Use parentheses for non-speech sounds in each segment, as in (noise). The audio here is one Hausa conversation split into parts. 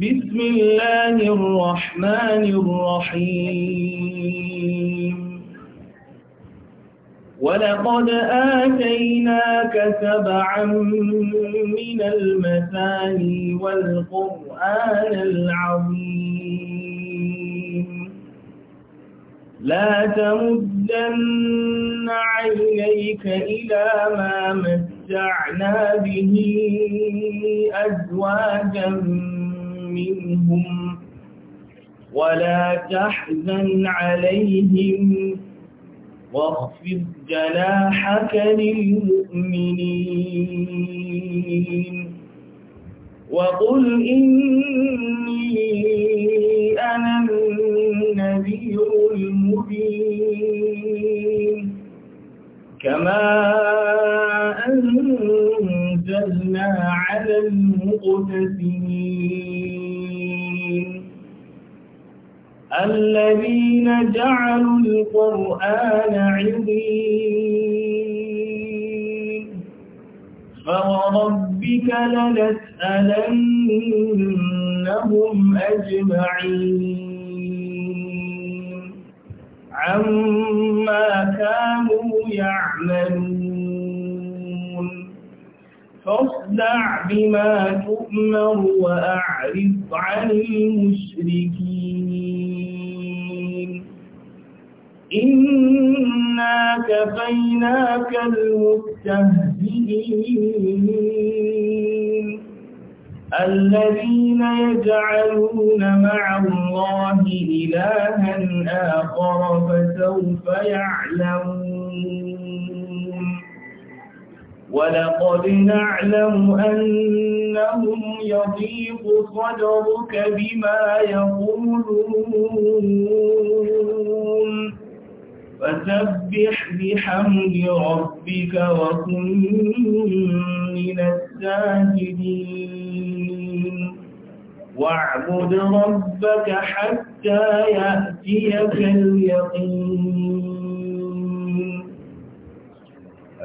بسم الله الرحمن الرحيم ولقد آتيناك سبعا من المثاني والقرآن العظيم لا تمدن عينيك إلى ما متعنا به أزواجا منهم ولا تحزن عليهم واخفض جناحك للمؤمنين وقل إني أنا النذير المبين كما أنزلنا على المقتسمين الذين جعلوا القرآن عظيم فوربك لنسألنهم أجمعين عما كانوا يعملون فاصدع بما تؤمر وأعرض عن المشركين إنا كفيناك المستهزئين الذين يجعلون مع الله إلها آخر فسوف يعلمون ولقد نعلم أنهم يضيق صدرك بما يقولون فسبح بحمد ربك وكن من الساجدين واعبد ربك حتى يأتيك اليقين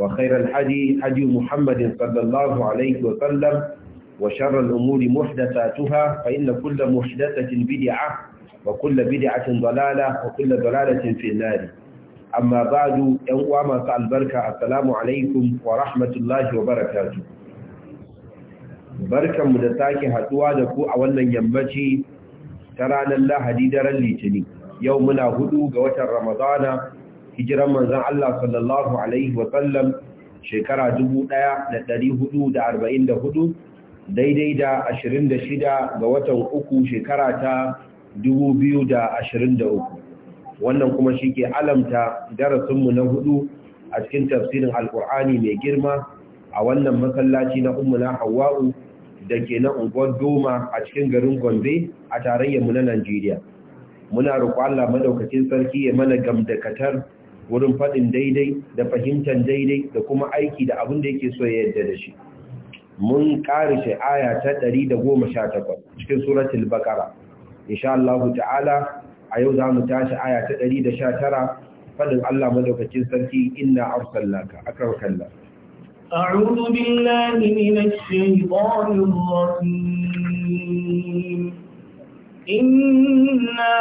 وخير الحدي حدي محمد صلى الله عليه وسلم وشر الأمور محدثاتها فإن كل محدثة بدعة وكل بدعة ضلالة وكل ضلالة في النار أما بعد ينقوى ما البركة السلام عليكم ورحمة الله وبركاته بركة مدتاك هتوى دكو أولا ينبتي ترانا الله هديدرا لتني يومنا هدو قوة رمضان hijiran manzon Allah sallallahu alaihi wa sallam shekara 1444 daidai da 26 ga watan uku shekara ta 2023 wannan kuma shi ke alamta darasinmu na hudu a cikin tafsirin alkur'ani mai girma a wannan masallaci na ummuna hawa'u da ke na unguwar doma a cikin garin gombe a tarayyarmu na najeriya muna roƙo allah madaukakin sarki ya mana gamdakatar wurin faɗin daidai da fahimtar daidai da kuma aiki da abin da yake so ya yadda da shi mun ƙarishe aya ta 118 cikin suratul baqara insha Allah ta'ala a yau za mu tashi aya ta 119 faɗin Allah madaukakin sarki inna arsalnaka akan kalla a'udhu billahi minash shaitanir rajim إنا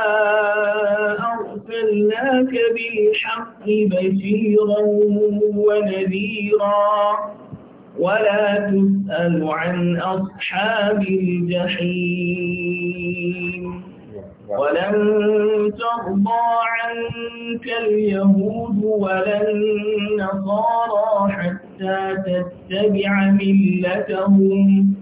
أرسلناك بالحق بشيرا ونذيرا ولا تسأل عن أصحاب الجحيم ولن ترضى عنك اليهود ولا النصارى حتى تتبع ملتهم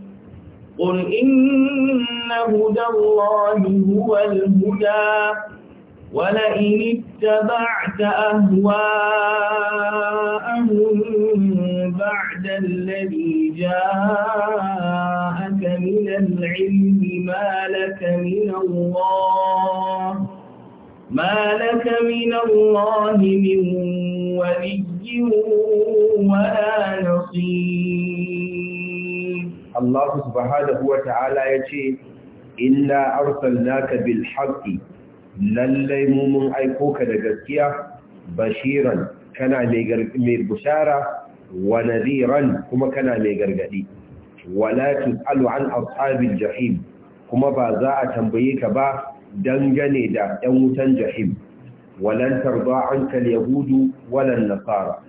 قل إن هدى الله هو الهدى ولئن اتبعت أهواءهم بعد الذي جاءك من العلم ما لك من الله ما لك من الله من ولي ولا نصير Allah subhanahu wa ta'ala ya ce, Inna arsal bil haqqi lallai mu mun aiko ka da gaskiya bashiran kana mai bushara wa kuma kana mai gargadi wala al'an an jahim kuma ba za a tambaye ka ba dangane da 'yan wutan jahim walan tarda anka yahudu walan nasara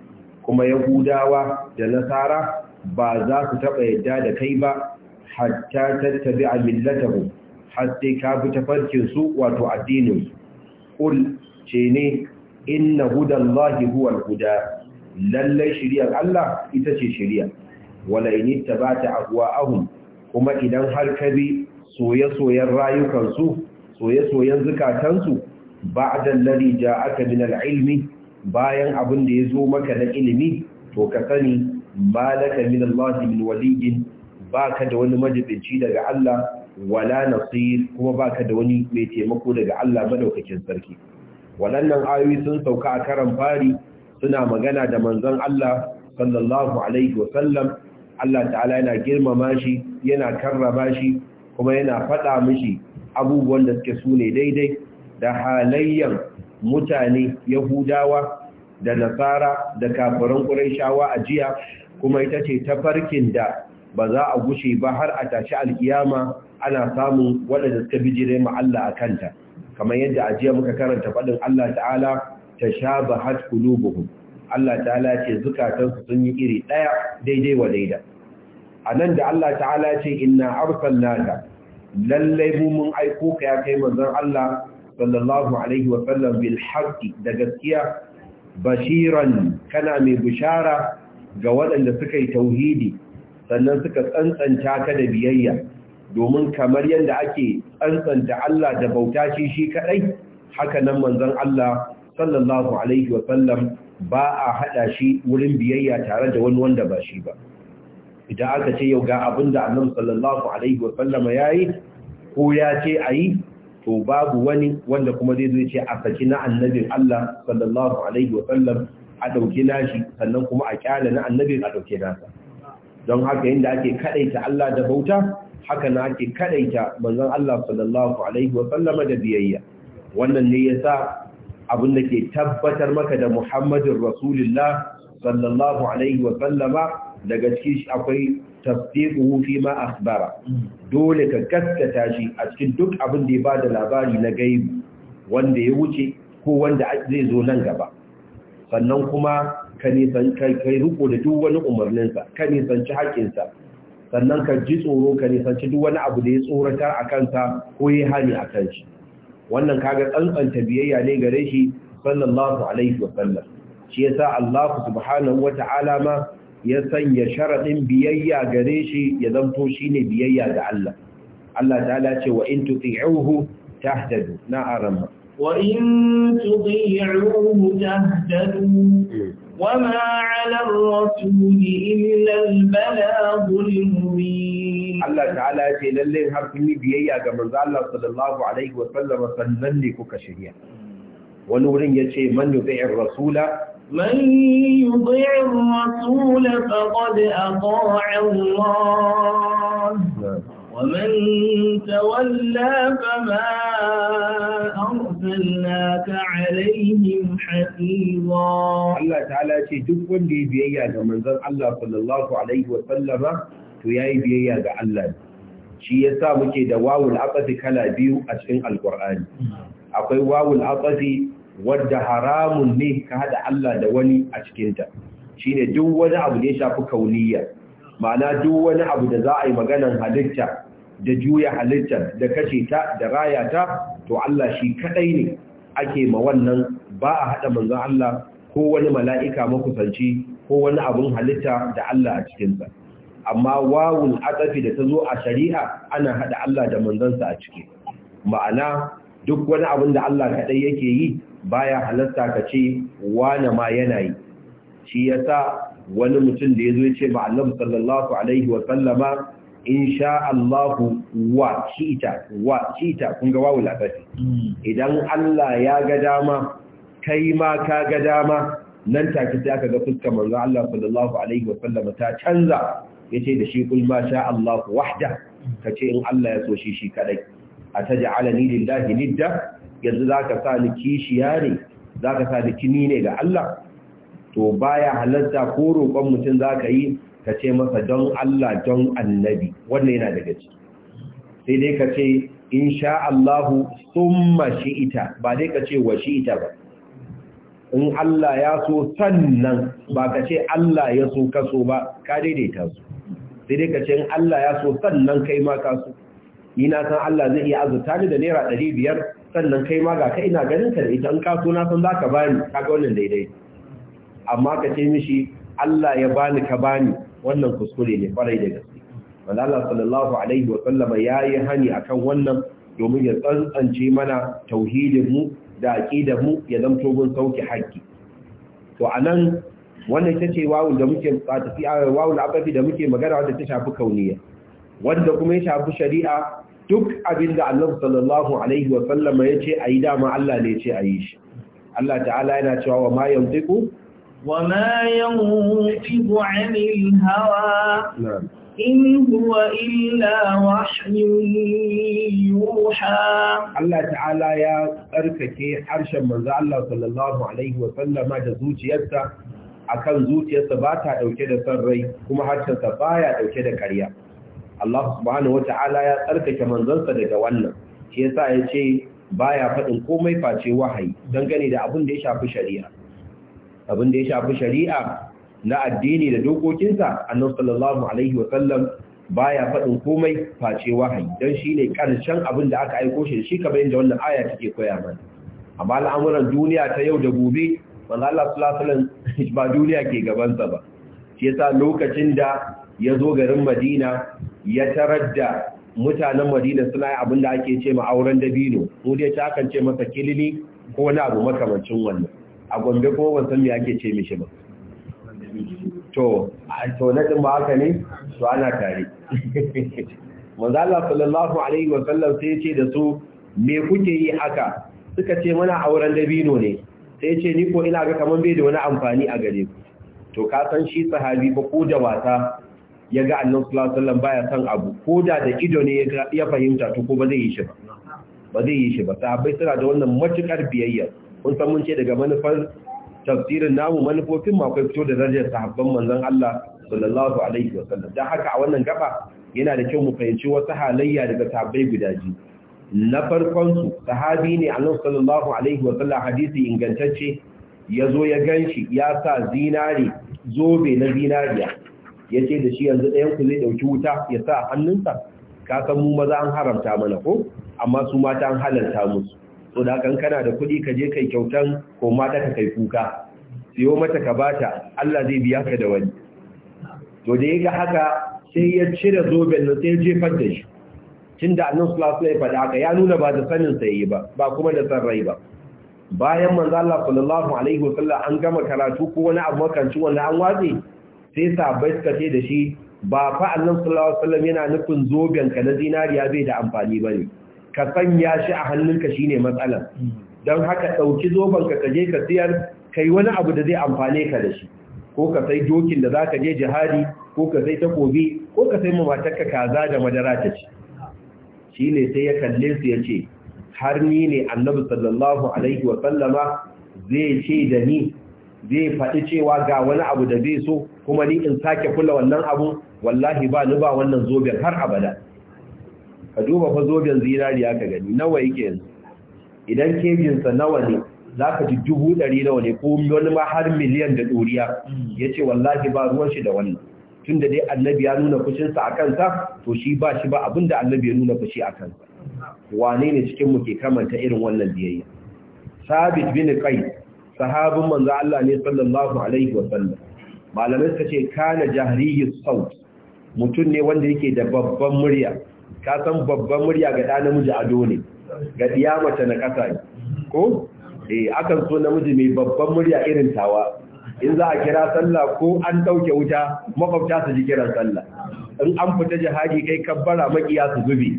kuma yahudawa da nasara ba za ku taɓa yadda da kai ba hatta tattabi a millatahu Hatta ka bi tafarkinsu wato addininsu ƙul ce ne inna hudan lahi huwal huda lallai shiriyar Allah ita ce shiriya wala ini ta ba ta ahun? kuma idan har ka bi soye-soyen rayukansu soye-soyen zukatansu ba a dallari ja aka min al'ilmi bayan abin da ya zo maka na ilimi to ka sani malaka min Allah min waliyin baka da wani majibinci daga Allah wala nasir kuma baka da wani mai taimako daga Allah madaukakin sarki waɗannan ayoyi sun sauka a karan fari suna magana da manzon Allah sallallahu alaihi Allah ta'ala yana girmama shi yana karrama shi kuma yana faɗa mishi abubuwan da suke sune daidai da halayyan mutane yahudawa da nasara da kafiran shawa a jiya kuma ita ce ta farkin da ba za a gushe ba har a tashi alkiyama ana samun waɗanda suka bijire ma Allah a kanta kamar yadda a jiya muka karanta faɗin Allah ta'ala ta sha ba hat kulubuhum Allah ta'ala ce zukatansu sun yi iri ɗaya daidai wa daida a nan da Allah ta'ala ce inna nata lallai mu mun aiko ka ya kai manzon Allah sallallahu alaihi wa sallam bil haqqi da gaskiya bashiran kana mai bishara ga waɗanda suka yi tauhidi sannan suka tsantsanta ka da biyayya domin kamar yadda ake tsantsanta Allah da bauta shi shi kaɗai haka nan manzon Allah sallallahu alaihi wa sallam ba a haɗa shi wurin biyayya tare da wani wanda ba shi ba idan aka ce yau ga abinda da annabi sallallahu alaihi wa ya yi ko ya ce a yi to babu wani wanda kuma zai zo ce a saki na annabin Allah sallallahu alaihi wa a nashi sannan kuma a kyale na annabin a ɗauke nasa don haka inda ake kaɗaita Allah da bauta haka na ake kaɗaita manzon Allah sallallahu alaihi da biyayya wannan ne yasa abin da ke tabbatar maka da Muhammadin Rasulullah sallallahu alaihi wa daga cikin akwai tasdiquhu fi ma akhbara dole ka gaskata shi a cikin duk abin da ya bada labari na gaibi wanda ya wuce ko wanda zai zo nan gaba sannan kuma ka nisan kai riko da duk wani umarninsa ka hakkin sa sannan ka ji tsoro ka ci duk wani abu da ya tsorata a kansa ko ya hani a shi wannan kaga tsantsanta biyayya ne gare shi sallallahu alaihi wa sallam shi yasa Allah subhanahu wa ta'ala ma ya sanya sharaɗin biyayya gare shi ya zanto shi ne biyayya ga Allah. Allah ta'ala ce wa in ta hadadu". na arama. Wa in tuti'uhu tahtadu ta mm. hadadu. 'ala ar-rasuli illa al-balaghul mubin. Allah ta'ala ce lallai har kun biyayya ga manzo Allah sallallahu alaihi wa sannan ne kuka shirya. Mm. Wani wurin ya ce man yuti'ir rasula من يطيع الرسول فقد أطاع الله ومن تولى فما أرسلناك عليهم حفيظا الله تعالى تشوف وندي بيئة من ذن الله صلى الله عليه وسلم تياي بيئة الله shi ya sa muke da wawul atafi kala biyu a cikin alkur'ani akwai wawul atafi wadda haramun ne ka haɗa Allah da wani a cikinta shi ne duk wani abu ne shafi kauniyya ma'ana duk wani abu da za a yi maganan halitta da juya halitta da kashe ta da raya ta to Allah shi kaɗai ne ake ma wannan ba a haɗa manzon Allah ko wani mala'ika makusanci ko wani abun halitta da Allah a cikinsa amma wawun atsafi da ta zo a shari'a ana haɗa Allah da manzansa a ciki ma'ana duk wani abin da Allah kaɗai yake yi baya halarta ka ce wane ma yanayi. Shi shi yasa wani mutum da ya zo ya ce ba sallallahu alaihi wa sallama insha wa cita wa cita kun ga wawu idan Allah ya ga dama kai ma ka ga dama nan take sai aka ga fuskar manzo Allah sallallahu alaihi ta canza yace da shi kul ma sha Allahu wahda kace in Allah ya so shi shi kadai ataj'alani lillahi nidda yanzu za ka sa ni kishiya ne za ka sa ni kini ne ga Allah to baya halatta ko roƙon mutum za ka yi ka ce masa don Allah don annabi wannan yana daga ci sai dai ka ce in sha Allahu summa shi'ita ba dai ka ce wa shi'ita ba in Allah ya so sannan ba ka ce Allah ya so kaso ba ka daidaita su sai dai ka ce in Allah ya so sannan kai ma ka so ni san Allah zai iya azurta ni da naira ɗari biyar sannan kai ma ga ka ina ganin ka da ita in ka so na san zaka bani kaga wannan daidai amma ka ce mishi Allah ya bani ka bani wannan kuskure ne farai da gaske wanda Allah sallallahu alaihi wa sallama yayi hani akan wannan domin ya tsantsance mana tauhidin mu da aqidar mu ya zamto gun sauki haƙƙi to anan wannan ita ce wawu da muke tafi wawul abafi da muke magana wanda ta shafi kauniya wanda kuma ya shafi shari'a duk abin da Allah sallallahu alaihi wa ya ce a yi, dama Allah ne ce ayi shi Allah ta'ala yana cewa wa ma yantiqu wa ma yantiqu 'anil hawa in huwa illa wahyun yuha Allah ta'ala ya tsarkake harshen manzo Allah sallallahu alaihi wa sallama da zuciyarsa a kan zuciyarsa ba ta ɗauke da san rai kuma harshensa baya ɗauke da ƙarya Allah subhanahu wata'ala ya tsarkake manzansa daga wannan shi yasa ya ce baya faɗin komai face wahayi dangane da abin da ya shafi shari'a abin da ya shafi shari'a na addini da dokokinsa annabi sallallahu alaihi wa sallam baya faɗin komai face wahayi dan shine karshen abin da aka aiko shi shi kamar yadda wannan aya take koya mana amma al'amuran duniya ta yau da gobe manzo Allah sallallahu alaihi ba duniya ke gabansa ba shi yasa lokacin da ya zo garin madina ya tarar da mutanen madina suna yi abin da ake ce ma auren dabino mu dai ta kan ce masa kilili ko wani abu makamancin wannan a gombe ko ban san me ake ce mishi ba to to na din ba haka ne to ana tare (laughs) manzo Allah sallallahu alaihi wa sallam sai ya ce da su me kuke yi haka suka ce muna auren dabino ne sai ce ni ko ina ga kaman bai da wani amfani a gare ku to ka san shi sahabi ba ko da wasa ya ga annan sallallahu baya son abu ko da da ido ne ya fahimta to ko ba zai yi shi ba ba zai yi shi ba sahabbai suna da wannan matukar biyayya kun san mun ce daga manufar tafsirin namu manufofin ma akwai fito da darajar sahabban manzon Allah sallallahu alaihi wasallam dan haka a wannan gaba yana da kyau mu fahimci wasu halayya daga sahabbai guda biyu na su sahabi ne annabi sallallahu alaihi wa sallam hadisi ingantacce yazo ya ganshi ya sa zinari zobe na zinariya ya ce da shi yanzu ɗayan ku zai ɗauki wuta ya sa a hannunsa kasan mu maza an haramta mana ko amma su mata an halarta musu so da kan da kuɗi ka je kai kyautan ko mata ka kai kuka siyo mata ka bata Allah zai biya ka da wani to da yaga haka sai ya cire zoben nan sai ya jefar da shi tunda annabi sallallahu alaihi wasallam ya haka ya nuna ba da sanin sa yi ba ba kuma da san rai ba bayan manzo Allah sallallahu alaihi wasallam an gama karatu ko wani abu ci wani an watsi sai sahabbai suka ce da shi ba fa Allah sallallahu alaihi wasallam yana nufin zoben ka na zinariya bai da amfani bane ka sanya shi a hannunka shine matsala. don haka dauki zobenka ka je ka siyar kai wani abu da zai amfane ka da shi ko ka sai dokin da zaka je jihadi ko ka sai takobi ko ka sai mamatarka kaza da madara ta ci shine sai ya kalle su yace har ni ne Annabi sallallahu alaihi wasallama zai ce da ni zai faɗi cewa ga wani abu da zai so kuma ni in sake kula wannan abu wallahi ba ni ba wannan zoben har abada ka duba fa zoben zinariya ka gani nawa yake yanzu idan kejinsa nawa ne za ka ji dubu ɗari nawa ne ko wani ma har miliyan da ɗoriya ya ce wallahi ba ruwan shi da wannan tun da dai annabi ya nuna fushinsa a kansa to shi ba shi ba abin da annabi ya nuna fushi a kansa wane ne cikinmu ke kamanta irin wannan biyayya sabit bin qais sahabin manzo Allah ne sallallahu alaihi wasallam malamai suka ce kana jahriyus saut mutum ne wanda yake da babban murya ka san babban murya ga ɗan namiji ado ne ga diya mace na kasa ko eh akan so namiji mai babban murya irin tawa in za a kira sallah ko an dauke wuta makwabta su ji kiran sallah in an fita jihadi kai kabbara makiya su zubi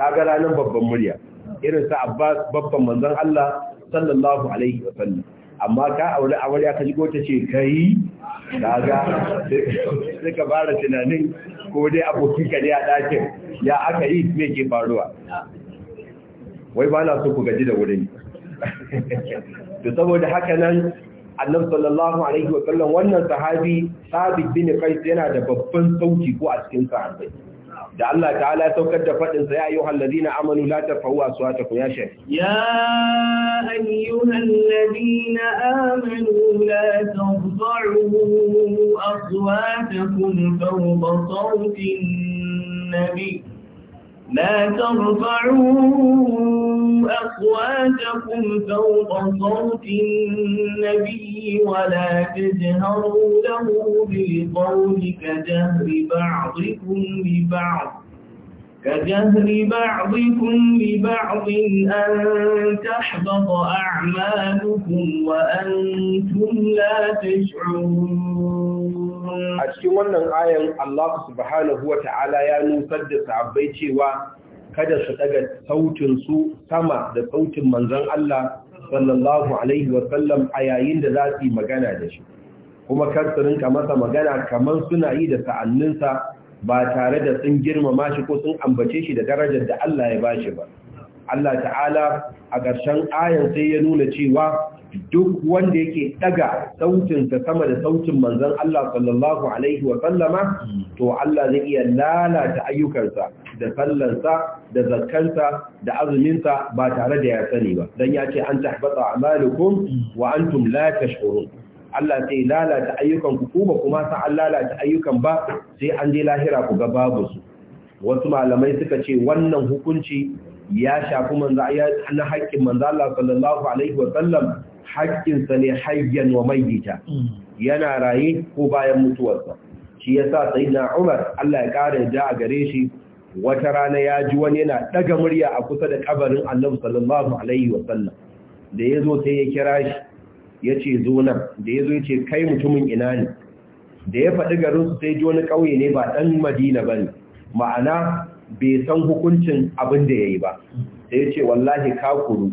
kaga ranan babban murya irin sa Abbas babban manzon Allah sallallahu alaihi wasallam amma ka aure amarya ka shigo ta ce kai daga sai ka fara tunanin ko dai abokin ka ne a ɗakin ya aka yi me ke faruwa wai ba na so ku gaji da wurin to saboda haka nan annabi sallallahu alaihi wa sallam wannan sahabi sabit bin qais yana da babban sauki ko a cikin sahabbai da Allah ta'ala ya saukar da faɗin sa ya ayyuhal ladina amanu la tarfa'u aswatakum ya shi. ya ayyuhal ladina amanu la tarfa'u aswatakum fawqa sawti sautin nabi لا ترفعوا أخواتكم فوق صوت النبي ولا تجهروا له بالقول كجهر بعضكم ببعض كجهر بعضكم لبعض أن تحبط أعمالكم وأنتم لا تشعرون a cikin wannan ayan Allah subhanahu wa ta'ala ya nufar da sahabbai cewa kada su daga sautin su sama da sautin manzon Allah sallallahu alaihi wa sallam a yayin da za su yi magana da shi kuma kar su rinka masa magana kamar suna yi da sa'anninsa ba tare da sun girmama shi ko sun ambace shi da darajar da Allah ya ba shi ba Allah ta'ala a ƙarshen ayan sai ya nuna cewa duk wanda yake ɗaga sautinsa sama da sautin manzan Allah sallallahu alaihi wasallama, to Allah zai iya lalata ayyukansa da sallansa da zakkansa da azuminsa ba tare da ya sani ba dan ya ce an tahbata a'malukum wa antum la shi. Allah sai lalata ayyukan ku kuma kuma sa an lalata ayyukan ba sai an je lahira ku ga babu su wasu malamai suka ce wannan hukunci ya shafi manzo ya na haƙƙin manzo Allah sallallahu alaihi wa sallam haƙƙin sa ne hayyan wa mayyita yana raye ko bayan mutuwarsa shi yasa sayyidina Umar Allah ya kare da a gare shi wata rana ya ji wani yana daga murya a kusa da kabarin Annabi sallallahu alaihi wa sallam da yazo sai ya kira shi ya ce zo nan da ya zo ya ce kai mutumin ina ne da ya faɗi garinsu sai ji wani ƙauye ne ba ɗan madina ba ne ma'ana bai san hukuncin abin da ya yi ba da ya ce wallahi kakuru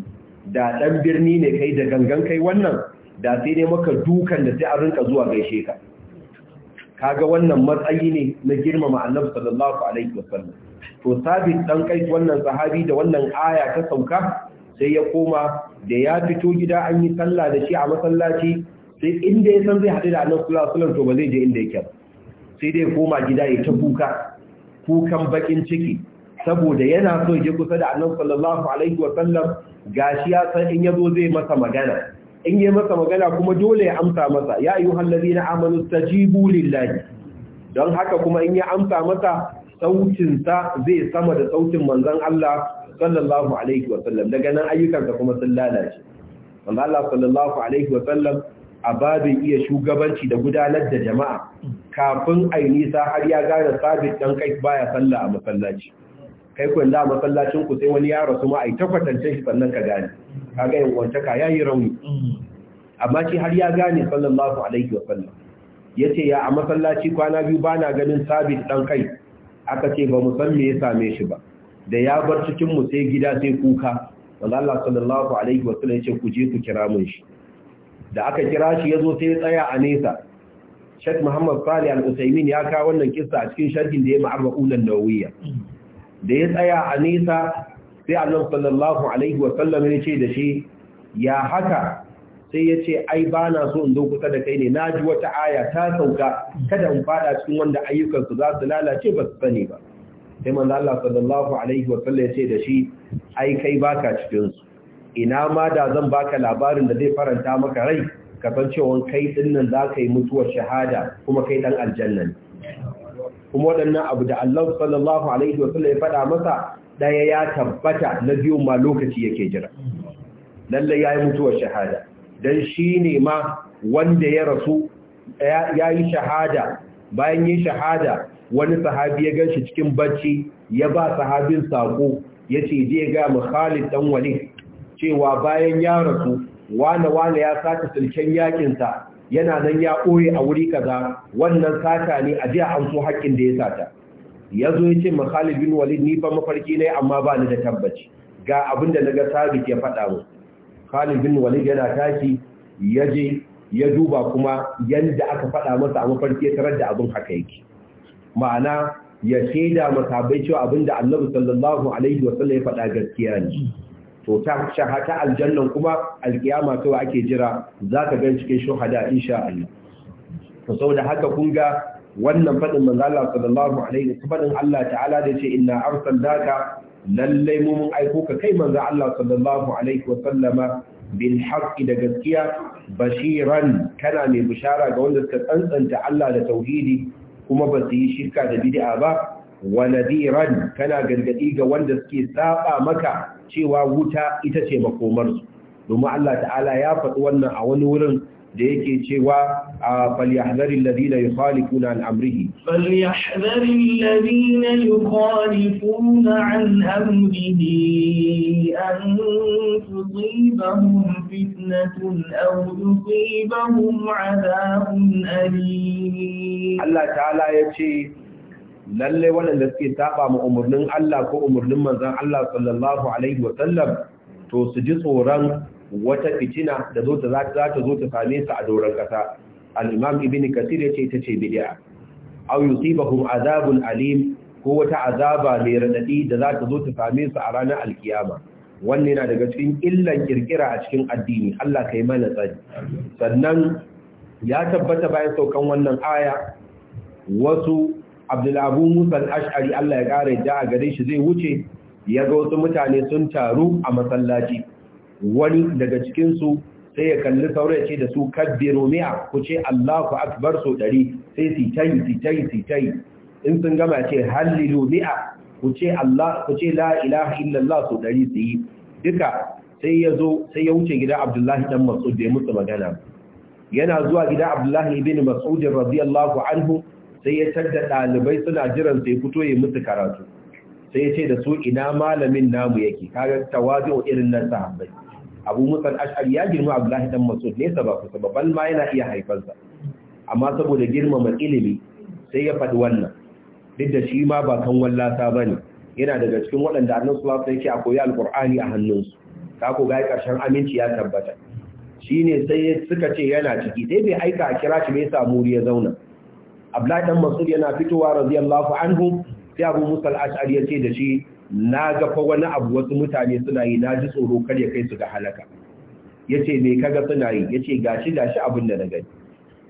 da ɗan birni ne kai da gangan kai wannan da sai ne maka dukan da sai a rinka zuwa gaishe ka kaga wannan matsayi ne na girmama annabi sallallahu alaihi wasallam to sabit dan kai wannan sahabi da wannan aya ta sauka sai ya koma da ya fito gida an yi sallah da shi a masallaci sai inda ya san zai haɗu da annabi sallallahu alaihi wasallam to ba zai je inda yake ba sai dai koma gida ya ta kuka kukan bakin ciki saboda yana so ya je kusa da annabi sallallahu alaihi wasallam gashi ya san in yazo zai masa magana in yi masa magana kuma dole ya amsa masa ya ayyuhal na amanu tajibu lillahi don haka kuma in ya amsa masa sautinsa zai sama da sautin manzon Allah sallallahu alaihi wa sallam daga nan ayyukanka kuma sun lalace manzo Allah sallallahu alaihi wa sallam a babin iya shugabanci da gudanar da jama'a kafin ai nisa har ya gane sabit dan kai baya sallah a masallaci kai kun da masallacin ku sai wani yaro kuma ai tabbatance shi sannan ka gane kaga yin wanta ka yayi rauni amma shi har ya gane sallallahu alaihi wa sallam yace ya a masallaci kwana biyu bana ganin sabit dan kai aka ce ba mu san me ya same shi ba da ya bar cikin mu sai gida sai kuka wallahi sallallahu alaihi wa sallam yace ku je ku kira mun shi da aka kira shi yazo sai tsaya a nesa Sheikh Muhammad Salih Al-Utsaimin ya kawo wannan kissa a cikin sharhin da ya ma'arraqul an-nawawiyya da ya tsaya a nesa sai Allah sallallahu alaihi wa sallam yace da shi ya haka sai ya ce ai ba na so in zo kusa da kai ne na ji wata aya ta sauka kada in fada cikin wanda ayyukansu za su lalace ba su sani ba sai manzo Allah sallallahu alaihi wa sallam ya ce da shi ai kai baka cikin su ina ma da zan baka labarin da zai faranta maka rai ka san cewa kai din nan zaka yi mutuwar shahada kuma kai dan aljanna ne kuma waɗannan abu da Allah sallallahu alaihi wa sallam ya faɗa masa daya ya tabbata na biyu ma lokaci yake jira lalle yayi mutuwar shahada dan shine ma wanda ya rasu yayi yi shahada bayan yin shahada wani sahabi ya ganshi cikin bacci ya ba sahabin sako ya ce je ga mu Khalid dan Walid cewa bayan ya rasu wane wane ya saka silken yakinsa yana nan ya ɓoye a wuri kaza wannan sata ne a jiya an so haƙƙin da ya sata ya zo ya ce ma Khalid bin Walid ni ba mafarki ne amma ba ni da tabbaci ga abin da naga Sabit ya faɗa mu Khalid bin Walid yana tashi ya je ya duba kuma yanda aka faɗa masa a mafarki ya tarar da abin haka yake ma'ana ya shaida masabai cewa abinda annabi sallallahu alaihi wa ya faɗa gaskiya ne to ta shahata aljannan kuma alkiyama kawai ake jira zaka gan cikin shuhada insha Allah to saboda haka kun ga wannan faɗin manzo Allah sallallahu alaihi wa sallam Allah ta'ala da ce inna arsalnaka lallai mu mun aiko ka kai manzo Allah sallallahu alaihi Wasallama. bil haqqi da gaskiya bashiran kana mai bishara ga wanda suka tsantsanta Allah da tauhidi kuma ba su yi shirka da bidi'a ba wa nadiran kana gargadi ga wanda suke saba maka cewa wuta ita ce makomarsu su domin Allah ta'ala ya faɗi wannan a wani wurin da yake cewa فليحذر الذين يخالفون عن أمره فليحذر الذين يخالفون عن أمره أن تصيبهم فتنة أو يصيبهم عذاب أليم الله تعالى يتشي lalle waɗanda suke saba ma umarnin Allah ko umarnin manzon Allah sallallahu alaihi wa sallam to su ji tsoron wata fitina da zo ta za ta zo ta same su a doron kasa al-imam ibn kathir yace ita ce bid'a aw yusibahum azabun alim ko wata azaba mai radadi da za ta zo ta same su a ranar alkiyama wannan yana daga cikin illan kirkira a cikin addini Allah kai mana tsari sannan ya tabbata bayan saukan wannan aya wasu Abu musa ash'ari Allah ya ƙara yadda a gare shi zai wuce ya ga wasu mutane sun taru a masallaci wani daga cikinsu sai ya kalli saura ya ce da su kabbiru mi'a ku ce Allahu akbar so ɗari sai su tayi su su in sun gama ce hallilu mi'a ku ce Allah ku ce la ilaha illallah so ɗari su yi duka sai ya zo sai ya wuce gida Abdullahi dan Mas'ud da ya musu magana yana zuwa gida Abdullahi ibn Mas'ud radiyallahu anhu sai ya tadda dalibai suna jiran sai fito ya musu karatu sai ya ce da su ina malamin namu yake kaga tawazu irin nan sahabbai abu musan ash'ari ya girma abdullahi dan masud nesa ba kusa ba ma yana iya haifansa amma saboda girmama ilimi sai ya faɗi wannan duk da shi ma ba kan wallata ba ne yana daga cikin waɗanda annan su lafi yake a koyi alƙur'ani a hannunsu ta ko gai ƙarshen aminci ya tabbata shi ne sai suka ce yana ciki sai bai aika a kira shi mai samu ya zauna abdullahi dan masud yana fitowa radiyallahu anhu sai abu musa al-ash'ari ya ce da shi na ga fa wani abu wasu mutane suna yi na ji tsoro kar ya kai su ga halaka yace me kaga suna yi yace gashi gashi abin da na gani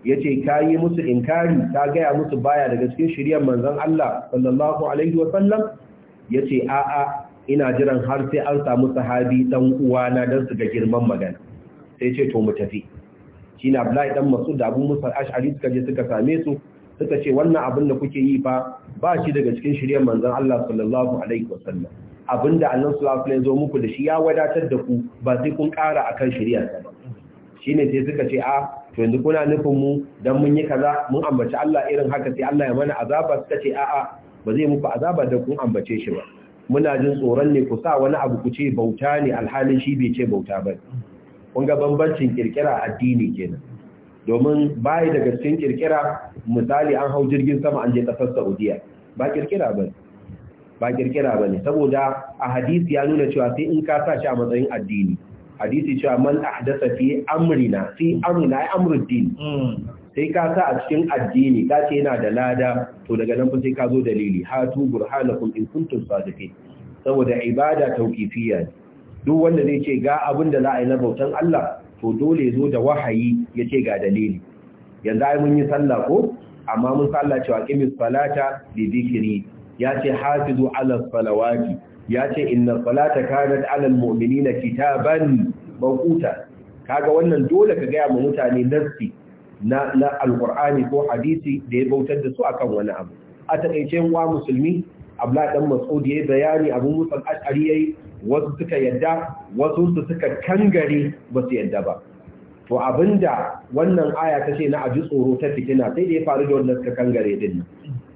yace ka yi musu inkari ka gaya musu baya daga cikin shiriyar manzon Allah sallallahu alaihi wa sallam yace a a ina jiran har sai an samu sahabi dan uwana dan su ga girman magana sai ce to mu tafi shine Abdullahi dan Mas'ud da Abu Musa Ash'ari suka je suka same su suka ce wannan abin da kuke yi fa ba shi daga cikin shiryar manzon Allah sallallahu alaihi wasallam abinda Allah sallallahu alaihi zo muku da shi ya wadatar da ku ba sai kun kara akan shirya ta ba shine sai suka ce a to yanzu kuna nufin mu dan mun yi kaza mun ambaci Allah irin haka sai Allah ya mana azaba suka ce a a ba zai muku azaba da kun ambace shi ba muna jin tsoron ne ku sa wani abu ku ce bauta ne alhalin shi bai ce bauta ba kun ga bambancin kirkira addini kenan domin bayi daga cikin kirkira misali an hau jirgin sama an je kasar Saudiya ba kirkira bane ba kirkira bane saboda a hadisi ya nuna cewa sai in ka sa shi a matsayin addini hadisi cewa man ahdatha fi amrina fi amrina ai amrul din hmm. sai ka sa a cikin addini ka ce yana da lada to daga nan sai ka zo dalili hatu burhanakum in kuntum sadiqin saboda ibada tawqifiyya duk wanda zai ce ga abin da za a yi na bautan Allah to dole zo da wahayi ya ce ga dalili yanzu ai mun yi sallah ko amma mun sallah cewa qimis salata bi dhikri ya ce hafizu ala salawati ya ce inna salata kanat ala almu'minina kitaban Ka kaga wannan dole ka ga mu mutane nasi na na alqur'ani ko hadisi da ya bautar da su akan wani abu a takeice wa musulmi abla dan mas'ud yayi bayani abu musal ashari yayi wasu suka yadda wasu su suka kangare ba su yadda ba to abinda wannan aya ta ce na aji tsoro ta fitina sai da ya faru da wannan suka kangare din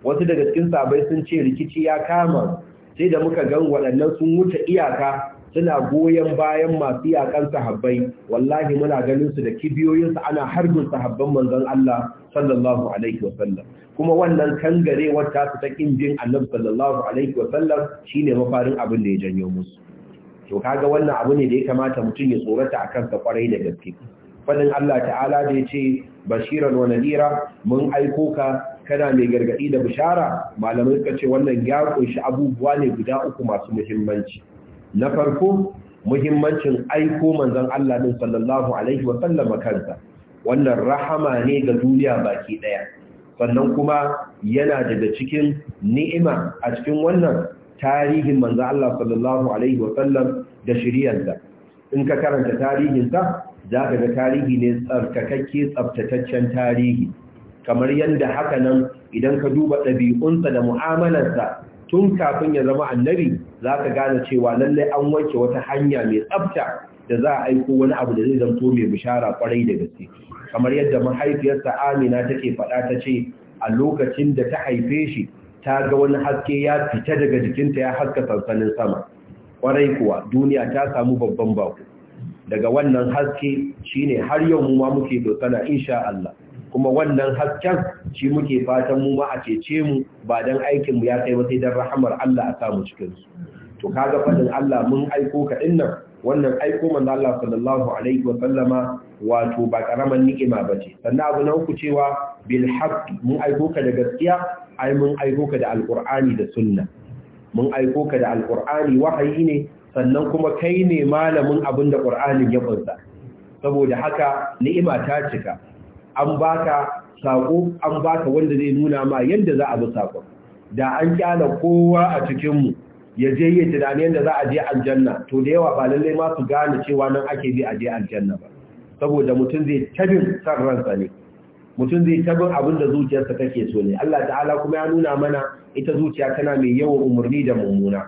wasu daga cikin sabai sun ce rikici ya kama sai da muka gan waɗannan sun wuce iyaka suna goyon bayan masu iyakan sahabbai wallahi muna ganin su da kibiyoyinsu ana harbin sahabban manzon Allah sallallahu alaihi wasallam kuma wannan kangarewar ta su ta ƙinjin annabi sallallahu alaihi shi ne mafarin abin da ya janyo musu to kaga wannan abu ne da ya kamata mutum ya tsorata a kansa kwarai da gaske fadin Allah ta'ala da ya ce bashiran wa nadira mun aiko ka kana mai gargadi da bishara malamai suka ce wannan ya kunshi abubuwa ne guda uku masu muhimmanci na farko muhimmancin aiko manzon Allah din sallallahu alaihi wa sallam kansa wannan rahama ne ga duniya baki daya sannan kuma yana daga cikin ni'ima a cikin wannan tarihin manzo Allah sallallahu alaihi wa sallam da shiriyarsa in ka karanta tarihinsa za ka ga tarihi ne tsarkakakke tsaftataccen tarihi kamar yadda haka nan idan ka duba ɗabi'unsa da mu'amalarsa tun kafin ya zama annabi za ka gane cewa lallai an wanke wata hanya mai tsafta da za a aiko wani abu da zai zanto mai bishara kwarai da gaske kamar yadda mahaifiyarsa amina take faɗa ta ce a lokacin da ta haife shi ta ga wani haske ya fita daga jikinta ya haska sansanin sama kwarai kuwa duniya ta samu babban bako daga wannan haske shi ne har yau mu ma muke dosana insha Allah kuma wannan hasken shi muke fatan mu ma a cece mu ba don aikinmu ya kai wasai don rahamar Allah a samu cikin su to kaga faɗin Allah mun aiko kaɗin nan! wannan aiko manzo Allah sallallahu alaihi wa sallama wato ba karaman ni'ima bace sannan abu na uku cewa bil haqq mun aiko ka da gaskiya ai mun aiko ka da alqur'ani da sunna mun aiko ka da alqur'ani wahayi ne sannan kuma kai ne malamin abin da qur'anin ya kunsa saboda haka ni'ima ta cika an baka sako an baka wanda zai nuna ma yanda za a bi sako da an kyala kowa a cikin mu ya je yi tunanin da za a je aljanna to da yawa ba lallai ma su gane cewa nan ake bi a je aljanna ba saboda mutum zai tabin san ransa ne mutum zai tabin abin da zuciyarsa take so ne Allah ta'ala kuma ya nuna mana ita zuciya tana mai yawan umarni da mummuna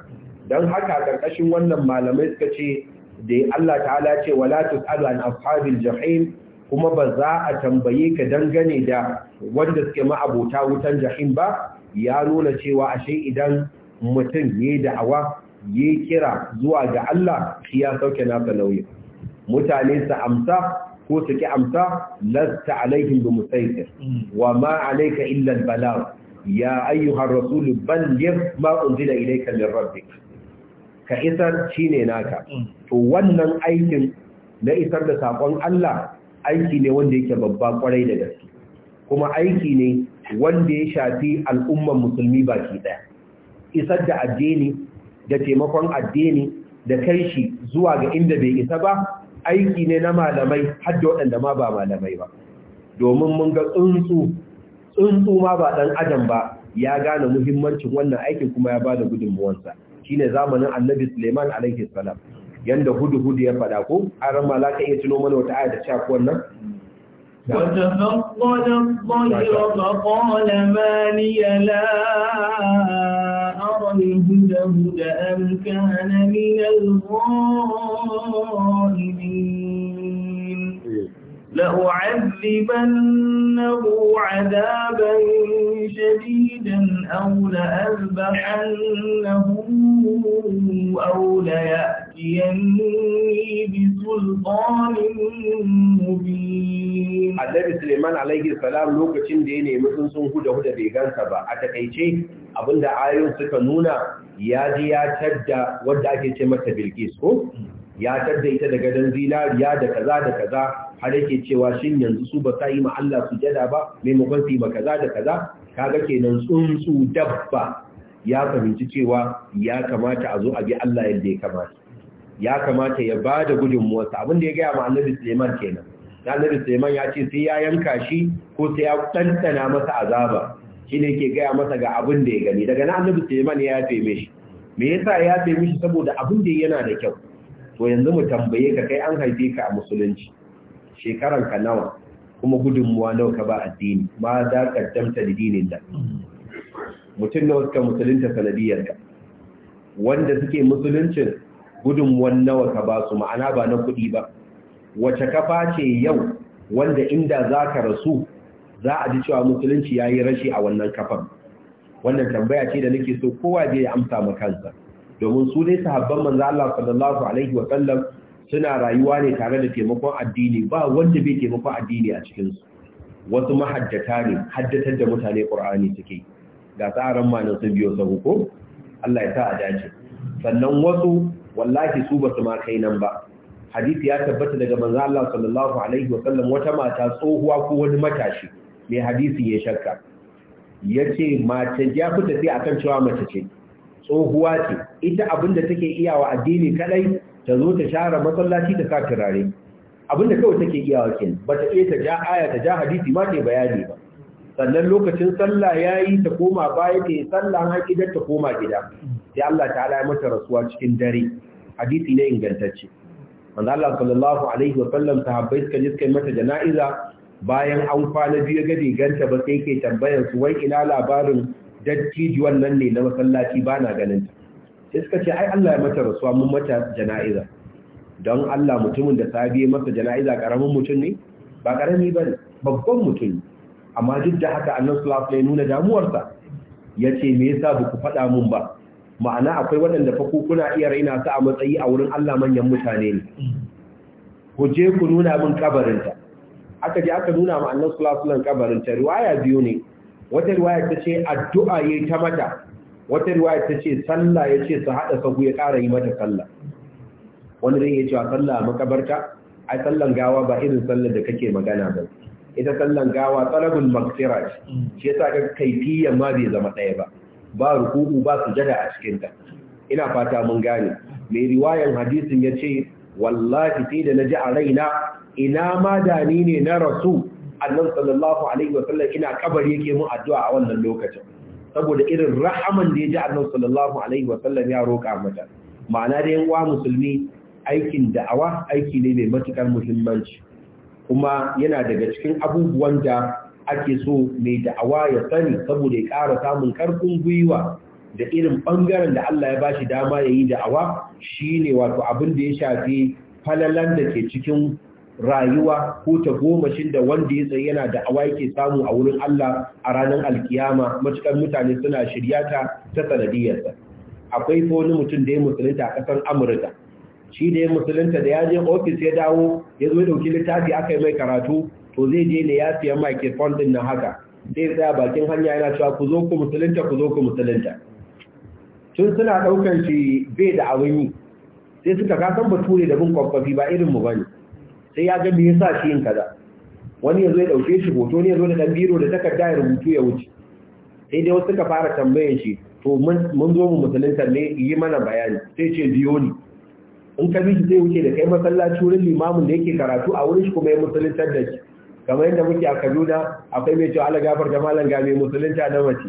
don haka karkashin wannan malamai suka ce da Allah ta'ala ce wala tusalu an ashabil jahim kuma ba za a tambaye ka dangane da wanda suke ma'abota wutan jahim ba ya nuna cewa ashe idan mutum ya yi da'awa ya kira zuwa ga Allah shi ya sauke nasa nauyi mutane su amsa ko su ki amsa lasta alaihim bi musaitir wa ma alayka illa al-balagh ya ayyuhar rasul balligh ma unzila ilayka min rabbik ka isar shine naka to wannan aikin na isar da sakon Allah aiki ne wanda yake babba kwarai da gaske kuma aiki ne wanda ya shafi al'umman musulmi baki daya isar da addini da taimakon addini da kai shi zuwa ga inda bai isa ba aiki ne na malamai har da waɗanda ma ba malamai ba domin mun ga tsuntsu tsuntsu ma ba ɗan adam ba ya gane muhimmancin wannan aikin kuma ya bada gudunmuwansa shine zamanin annabi suleiman alaihi salam yanda hudu hudu ya faɗa ko aran malaka iya tuno mana wata aya da cewa wannan وتفقد الطير فقال ما لي لا أرى الهدهد أم كان من الغائبين لأعذبنه عذابا شديدا أو لأذبحنه أو ليأتيني بسلطان مبين Annabi Suleiman alaihi salam lokacin da ya nemi tsuntsun huda-huda bai gansa ba a takaice abinda ayoyin suka nuna ya ji da wadda ake ce masa Bilkis ko ya tadda ita da gadon zinariya da kaza da kaza har yake cewa shin yanzu su ba sa yi ma Allah su sujada ba maimakon su yi ma kaza da kaza kaga kenan tsuntsu dabba ya fahimci cewa ya kamata a zo a bi Allah yadda ya kamata ya kamata ya ba da motsa abin da ya gaya ma annabi Suleiman kenan annabi Suleiman ya ce sai ya yanka shi ko sai ya tantana masa azaba shi ne ke gaya masa ga abin da ya gani daga na annabi Suleiman ya yafe shi? me yasa ya yafe mishi saboda abin da yana da kyau to yanzu mu tambaye ka kai an haife ka a musulunci shekaran ka nawa kuma gudunmuwa nawa ka ba addini ma za ka damta da dinin da mutum nawa suka musulunta sanadiyar ka wanda suke musuluncin gudunmuwan nawa ka ba su ma'ana ba na kuɗi ba wace ka face yau wanda inda za ka rasu za a ji cewa musulunci ya yi rashi a wannan kafan wannan tambaya ce da nake so kowa je ya amsa ma kansa domin su ne sahabban manzo Allah sallallahu alaihi wa sallam suna rayuwa ne tare da taimakon addini ba wanda bai taimakon addini a cikin su wasu mahajjata ne haddatar da mutane Qur'ani suke ga tsaran ma su biyo sahu ko Allah ya sa a dace sannan wasu wallahi su basu ma kai nan ba hadisi ya tabbata daga manzo Allah sallallahu alaihi wa sallam wata mata tsohuwa ko wani matashi mai hadisi ya shakka yace mace ya fita sai akan cewa mace ce tsohuwa ce ita abinda take iya wa addini kadai ta zo ta share masallaci ta sa turare abinda kawai take iya wa ba bata iya ta ja aya ta ja hadisi ma ta bayani ba sannan lokacin sallah yayi ta koma baya ta yi sallah har idan ta koma gida sai Allah ta'ala ya mata rasuwa cikin dare hadisi ne ingantacce manzo Allah sallallahu alaihi wa sallam sahabbai suka je suka mata jana'iza bayan an kwana biyu ga diganta ba sai ke tambayar su wai ina labarin dattijuwan nan ne na masallaci ba na ganinta sai suka ce ai Allah ya mata rasuwa mun mata jana'iza don Allah mutumin da sabiye masa jana'iza karamin mutum ne ba karami ba babban mutum amma duk da haka annan sulaf ya nuna damuwarsa ya ce me yasa ba ku faɗa mun ba ma'ana akwai waɗanda fa ku kuna iya raina su a matsayi a wurin Allah manyan mutane ne ku je ku nuna min kabarinta aka je aka nuna ma annan sulaf kabarinta riwaya biyu ne wata riwaya ta ce addu'a yayi ta mata wata riwaya ta ce sallah ya ce su haɗa sabu ya ƙara yi mata sallah wani ya ce, cewa sallah makabarta ai sallan gawa ba irin sallar da kake magana ba ita sallan gawa talabul maghfira shi yasa ga kaifiyan ma bai zama ɗaya ba ba ruku'u ba su sujada a cikin ta ina fata mun gane mai riwayan hadisin ya ce, wallahi sai da na ji a raina ina ma dani ne na rasu annan sallallahu alaihi wasallam ina kabari yake mun addu'a a wannan lokacin saboda irin rahaman da ya ji annan sallallahu alaihi wasallam ya roƙa mata ma'ana da yanwa musulmi aikin da'awa aiki ne mai matukar muhimmanci kuma yana daga cikin abubuwan da ake so mai da'awa ya sani saboda ya ƙara samun karfin gwiwa da irin bangaren da Allah ya bashi dama ya yi da'awa shine wato abin da ya shafi falalan da ke cikin rayuwa ko ta gomashin da wanda ya tsaye yana da awa yake samu a wurin Allah a ranar alkiyama matukar mutane suna shirya ta ta sanadiyarsa akwai ko wani mutum da ya musulunta a ƙasar Amurka shi da ya musulunta da ya je ofis ya dawo ya zo ya ɗauki littafi aka yi mai karatu to zai je ne ya siya microphone din nan haka zai tsaya bakin hanya yana cewa ku zo ku musulunta ku zo ku musulunta tun suna ɗaukan shi bai da abin yi sai suka kasan bature da bin kwakwafi ba irin mu bane sai ya ga me yasa shi yin kaza wani yazo ya dauke shi hoto ne yazo da dan biro da takarda ya rubutu ya wuce sai dai wasu suka fara tambayar shi to mun zo mu musulunta ne yi mana bayani sai ce biyo ni in ka bi shi zai wuce da kai masallaci wurin limamin da yake karatu a wurin shi kuma ya musulunta da shi kamar yadda muke a kaduna akwai mai cewa ala gafar da malam ga mai musulunta na mace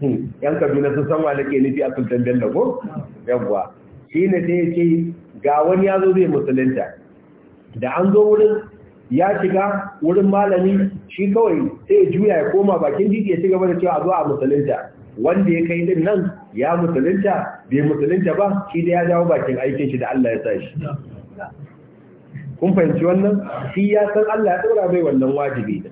(laughs) yan kaduna sun san wa nake nufi a sultan bello ko yawwa shi ne sai ya ce ga wani ya zo zai musulunta da an zo wurin ya shiga wurin malami shi kawai sai juya ya koma bakin jiki ya ci gaba da cewa zo a musulunta wanda ya kai din nan ya musulunta bai musulunta ba shi da ya jawo bakin aikin shi da Allah ya sa shi kun fahimci wannan shi ya san Allah ya tsora bai wannan wajibi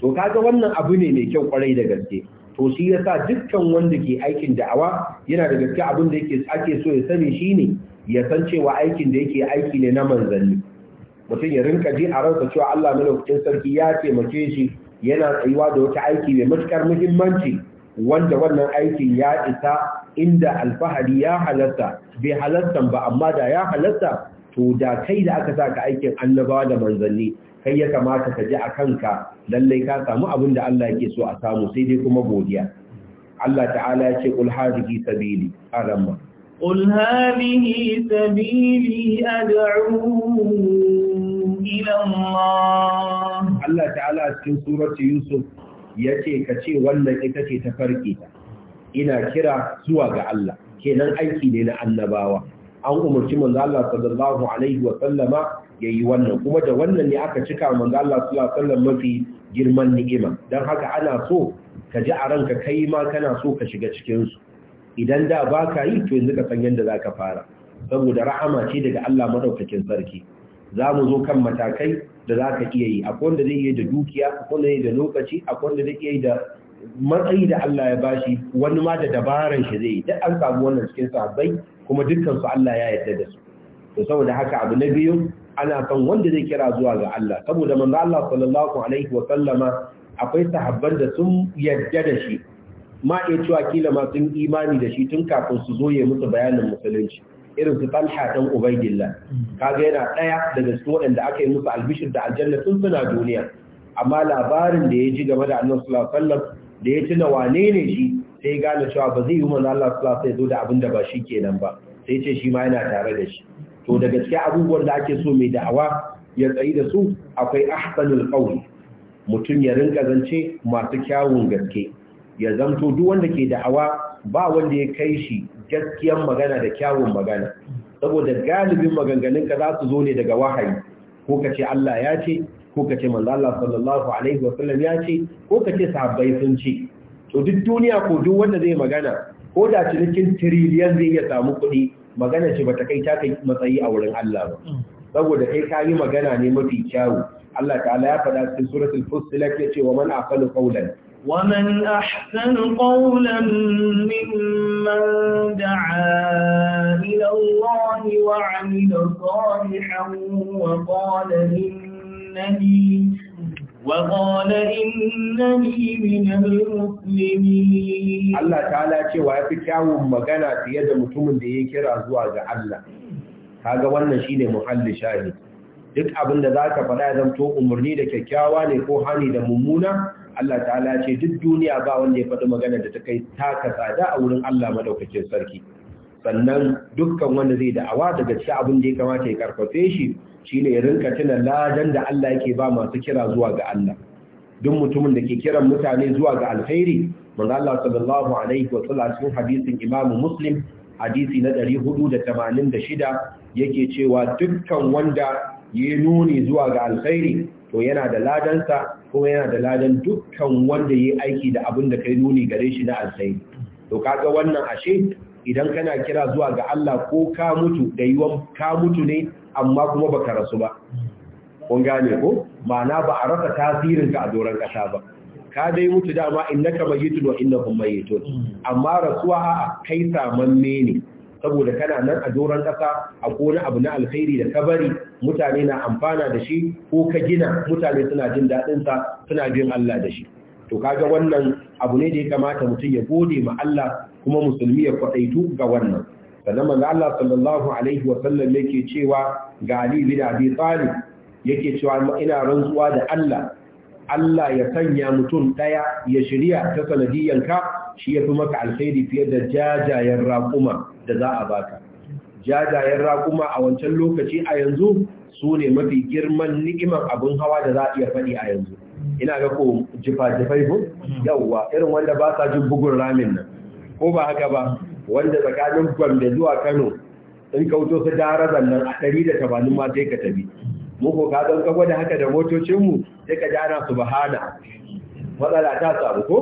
to kaga wannan abu ne mai kyau kwarai da gaske to shi ya sa dukkan wanda ke aikin da'awa yana da gaske abin da yake ake so ya sani shine ya san cewa aikin da yake aiki ne na manzanni mutum ya rinka ji a ransa cewa Allah malaukakin sarki ya taimake shi yana tsayuwa da wata aiki mai matukar muhimmanci wanda wannan aikin ya isa inda alfahari ya halatta bai halatta ba amma da ya halatta to da kai da aka saka aikin annabawa da manzanni kai ya kamata ka ji a kanka lallai ka samu abin da Allah yake so a samu sai dai kuma godiya Allah ta'ala ya ce qul hadhihi sabili aramma qul hadhihi sabili ad'u Allah الله الله تعالى في سورة يوسف ka ce wannan ita ce ta farki ta ina kira zuwa ga Allah kenan aiki ne na annabawa an umarci manzo Allah sallallahu alaihi wa sallama yi wannan kuma da wannan ne aka cika manzo Allah sallallahu sallam mafi girman ni'ima dan haka ana so ka ji a ranka kai ma kana so ka shiga cikin su idan da baka yi to yanzu ka san yadda zaka fara saboda rahama ce daga Allah madaukakin sarki za mu zo kan matakai da za ka iya yi akwai wanda zai iya da dukiya akwai wanda zai da lokaci akwai wanda zai iya da matsayi da Allah ya bashi wani ma da dabaran shi zai yi duk an samu wannan cikin sahabbai kuma dukkan su Allah ya yarda da su to saboda haka abu na biyu ana kan wanda zai kira zuwa ga Allah saboda manzo Allah sallallahu alaihi wa sallama akwai sahabban da sun yarda da shi ma iya cewa kila ma sun imani da shi tun kafin su zo ya musu bayanin musulunci irin su talha dan Ka kaga yana ɗaya daga cikin waɗanda aka yi musu albishir da aljanna tun suna duniya amma labarin da ya ji game da annabi sallallahu da ya tuna wane ne shi sai ya gane cewa ba zai yi manzo Allah sallallahu zo da abin da ba shi kenan ba sai ce shi ma yana tare da shi to da gaske abubuwan da ake so mai da'awa ya tsayi da su akwai ahsanul qawl mutum ya rinka zance masu kyawun gaske ya zanto duk wanda ke da'awa ba wanda ya kai shi gaskiyan magana da kyawun magana saboda galibin maganganunka za su zo ne daga wahayi ko kace Allah ya ce ko kace manzo Allah sallallahu alaihi wa sallam ya ce ko kace sahabbai sun ce to duk duniya ko duk wanda zai magana ko da cinikin tiriliyan zai iya samu kuɗi magana ce bata kai ta kai matsayi a wurin Allah ba saboda kai ka yi magana ne mafi kyawu Allah ta'ala ya faɗa cikin suratul fussilat yace wa man aqalu qawlan man أحسن qawlan mimman صالحا وقال إنني وقال إنني من المسلمين الله تعالى ce wa yafi kyawun magana fiye da mutumin da ya kira zuwa ga Allah kaga wannan shine muhalli shahid duk abin da zaka faɗa ya to umurni da kyakkyawa ne ko hani da mummuna Allah ta'ala ce duk duniya ba wanda ya faɗi magana da ta kai taka tsada a wurin Allah madaukakin sarki sannan dukkan wanda zai da'awa daga cikin abin da ya kamata ya karfafe shi shine ya rinka tuna ladan da Allah yake ba masu kira zuwa ga Allah duk mutumin da ke kiran mutane zuwa ga alkhairi manzo Allah sallallahu alaihi wa sallam cikin hadisin Imam Muslim hadisi na 486 yake cewa dukkan wanda ya nuni zuwa ga alkhairi to yana da ladansa kuma yana da ladan dukkan wanda yayi aiki da abin da kai nuni gare shi na alkhairi to kaga wannan ashe idan kana kira zuwa ga Allah ko ka mutu da yiwon ka mutu ne amma kuma baka rasu ba kun gane ko ma'ana ba a rasa tasirin ka a doron kasa ba ka dai mutu dama innaka mayyitun wa innahum mayyitun amma rasuwa a kai samanne ne saboda kana nan a doron kasa a kona abu na alkhairi da kabari mutane na amfana da shi ko ka gina mutane suna jin daɗinsa, suna bin Allah da shi to kaga wannan abu ne da ya kamata mutum ya gode ma Allah kuma musulmi ya kwaɗaitu ga wannan sannan manzo Allah sallallahu alaihi wa sallam yake cewa ga Ali bin Abi Talib yake cewa ina rantsuwa da Allah Allah ya sanya mutum ɗaya ya shirya ta sanadiyyanka shi ya fi maka alkhairi fiye da jajayen raƙuma da za a baka. Jajayen raƙuma a wancan lokaci a yanzu su ne mafi girman ni'imar abin hawa da za a iya faɗi a yanzu. Ina ga ko jifa-jifai bu? Yawwa, irin wanda ba sa jin bugun ramin nan. ko ba haka ba wanda tsakanin gwamda zuwa kano in kauto su dara zannan ɗari da tabanin ma sai ka tabi mu ko ka don kago da haka da motocinmu sai ka jana su bahana matsala ta samu ko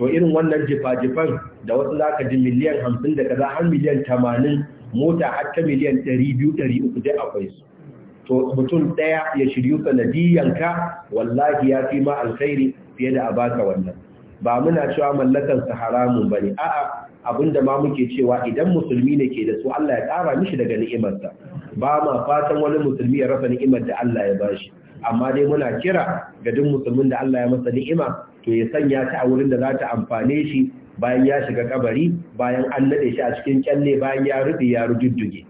to irin wannan jifa-jifan da wasu za ka ji miliyan hamsin da kaza har miliyan tamanin mota har ta miliyan ɗari biyu ɗari uku dai akwai su to mutum ɗaya ya shiryu sanadiyanka wallahi ya fi ma alkhairi fiye da a baka wannan ba muna cewa mallakan su haramun bane a'a abinda ma muke cewa idan musulmi ne ke da su Allah ya ƙara mishi daga ni'imarsa ba ma fatan wani musulmi ya rasa ni'imar da Allah ya bashi amma dai muna kira ga duk musulmin da Allah ya masa ni'ima to ya sanya ta a wurin da za ta amfane shi bayan ya shiga kabari bayan an nade shi a cikin kyalle bayan ya rufe ya rujujjuge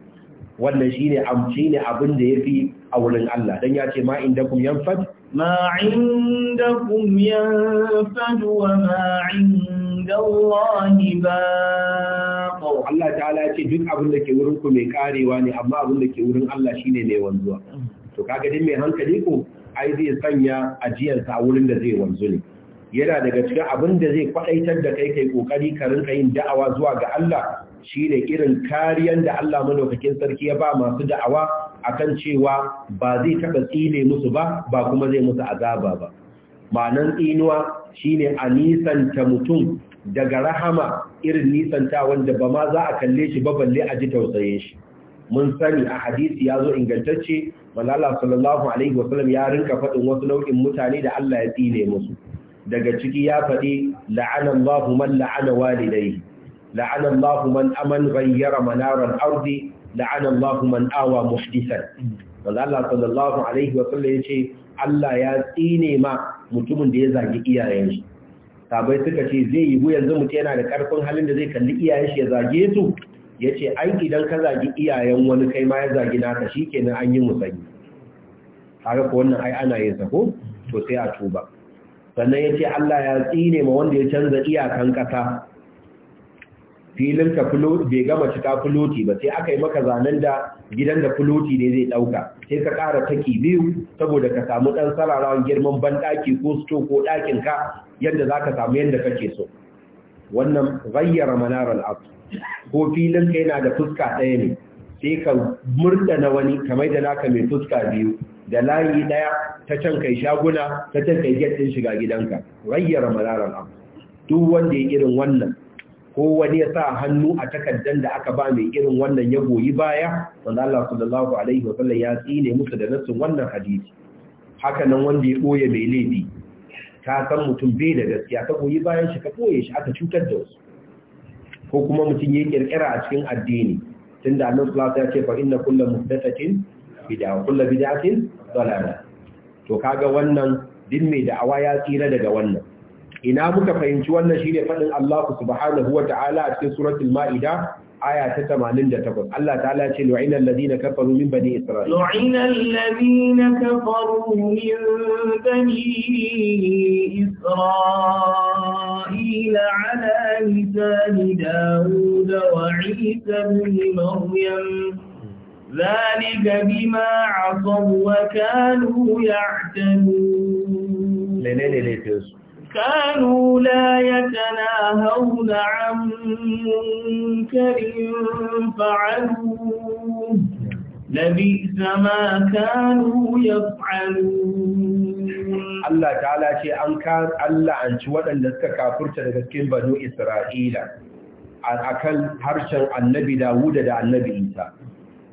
wannan shine amci ne abin da yafi a wurin Allah dan ya ce ma indakum yanfad ما عندكم ينفد وما عند الله باق Allah ta'ala ya ce duk abin da ke wurin ku mai karewa ne amma abin da ke wurin Allah shine mai wanzuwa to kaga din mai hankali ko ai zai sanya ajiyarsa a wurin da zai wanzu ne yana daga cikin abin da zai kwadaitar da kai kai kokari ka rinka yin da'awa zuwa ga Allah Shi ne irin kariyan da Allah madaukakin sarki ya ba masu da'awa a kan cewa ba zai taba tsine musu ba ba kuma zai musu azaba ba ma'anan tsinuwa shine a nisanta mutum daga rahama irin nisanta wanda ba ma za a kalle shi ba balle a ji tausayin shi mun sani a hadisi ya zo ingantacce malala sallallahu alaihi wasallam ya rinka faɗin wasu nau'in mutane da Allah ya tsine musu daga ciki ya faɗi La'anan Allahu man la'ana walidayhi la'ana Allah man aman ghayyara manaran ardi la'ana Allah man awa muhdisan wanda Allah sallallahu alaihi wa sallam Allah ya tsine ma mutumin da ya zagi iyayen shi sabai suka ce zai yi yanzu mutum yana da ƙarfin halin da zai kalli iyayen shi ya zage su yace ai idan ka zagi iyayen wani kai ma ya zagi naka shikenan an yi musanyi kaga ko wannan ai ana yin sako? to sai a tuba sannan ya ce Allah ya tsine ma wanda ya canza iyakan kasa filin ka bai gama cika filoti ba sai aka yi maka zanen da gidan da filoti ne zai ɗauka sai ka kara taki biyu saboda ka samu ɗan sararawan girman banɗaki ko sto ko ɗakin ka yadda za ka samu yadda kake so wannan zayyara manarar abu ko filin ka yana da fuska ɗaya ne sai ka murda na wani kamar da naka mai fuska biyu da layi ɗaya ta can kai shaguna ta can kai gidan shiga gidanka rayyara manarar abu duk wanda ya irin wannan ko wani ya sa hannu a takaddan da aka ba mai irin wannan ya goyi baya wanda Allah sallallahu alaihi wasallam ya tsine musu da nassin wannan hadisi haka nan wanda ya ɓoye mai laifi ka san mutum bai da gaskiya ka goyi bayan shi ka ɓoye shi aka cutar da wasu ko kuma mutum ya kirkira a cikin addini tunda Allah sallallahu alaihi ya ce fa inna kullu muhdathatin bid'a kullu bid'atin dalala to kaga wannan din mai da'awa ya tsira daga wannan ina muka fahimci wannan shine fadin Allah subhanahu wa ta'ala a cikin suratul ma'ida aya ta 88 Allah ta'ala ya ce lu'ina alladhina kafaru min bani isra'il lu'ina alladhina kafaru min bani isra'il ala lisani daud wa 'isa ibn maryam ذلك بما عصوا وكانوا يعتدون لنين ليتنسوا كانوا لا يتناهون عن منكر فعلوه لبئس ما كانوا يفعلون الله تعالى شيء أن كان الله أن شوات أن لسك كافر تلك بنو إسرائيل akan harshen annabi Dawud da annabi Isa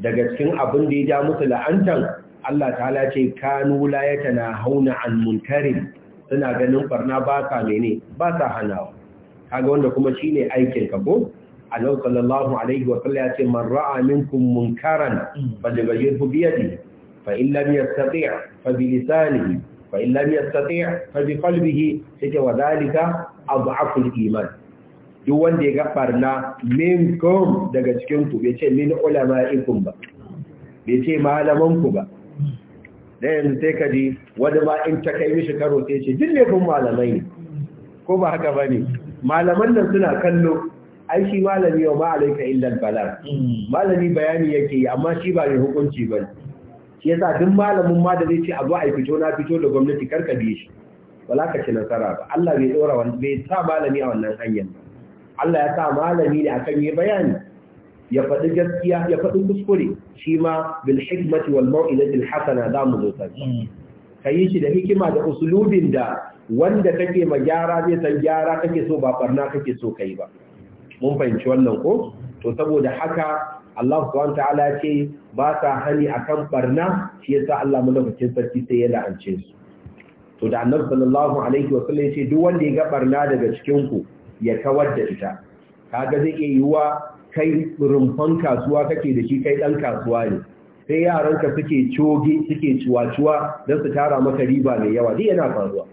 daga cikin abin da ya ja musu la'antan Allah ta'ala ce kanu la yatana hauna an munkarin suna ganin barna ba ka mene ba sa hanawa kaga wanda kuma shine aikin ka ko Allah sallallahu alaihi wa sallam ya ce man ra'a minkum munkaran falyughayyirhu bi yadihi fa in lam yastati' fa bi lisanihi fa in lam yastati' fa bi qalbihi sai wa dalika adhafu al-iman duk wanda ya ga barna minkum daga cikin ku bai ce min ulama'ikum ba bai ce malaman ku ba da yanzu sai ka ji wani ma in ta kai mishi karo sai ce ne kun malamai ne ko ba haka ba malaman nan suna kallo ai shi malami yau ma alaika illal balar malami bayani yake yi amma shi ba ne hukunci ba shi yasa duk malamin ma da zai ce a zo a fito na fito da gwamnati karka bi shi ba za ka ci nasara ba Allah bai dora wani bai sa malami a wannan hanyar Allah ya sa malami ne akan yi bayani ya faɗi gaskiya ya faɗi kuskure shi ma bil hikmati wal mau'izatil hasana za mu zo mm. ka yi shi da hikima da usulubin da wanda kake ma gyara zai san gyara kake so ba barna kake so kai ba mun fahimci wannan ko to saboda haka Allah subhanahu ta'ala ce ba sa hani akan barna shi yasa Allah madaukakin sarki sai ya la'ance su to da Annabi sallallahu alaihi wa sallam yace duk wanda ya ga barna daga cikin ku ya kawar da ita kaga zai iya yiwa kai rumfan kasuwa kake da shi kai ɗan kasuwa ne sai yaranka suke coge suke ciwa don su tara maka riba mai yawa zai yana faruwa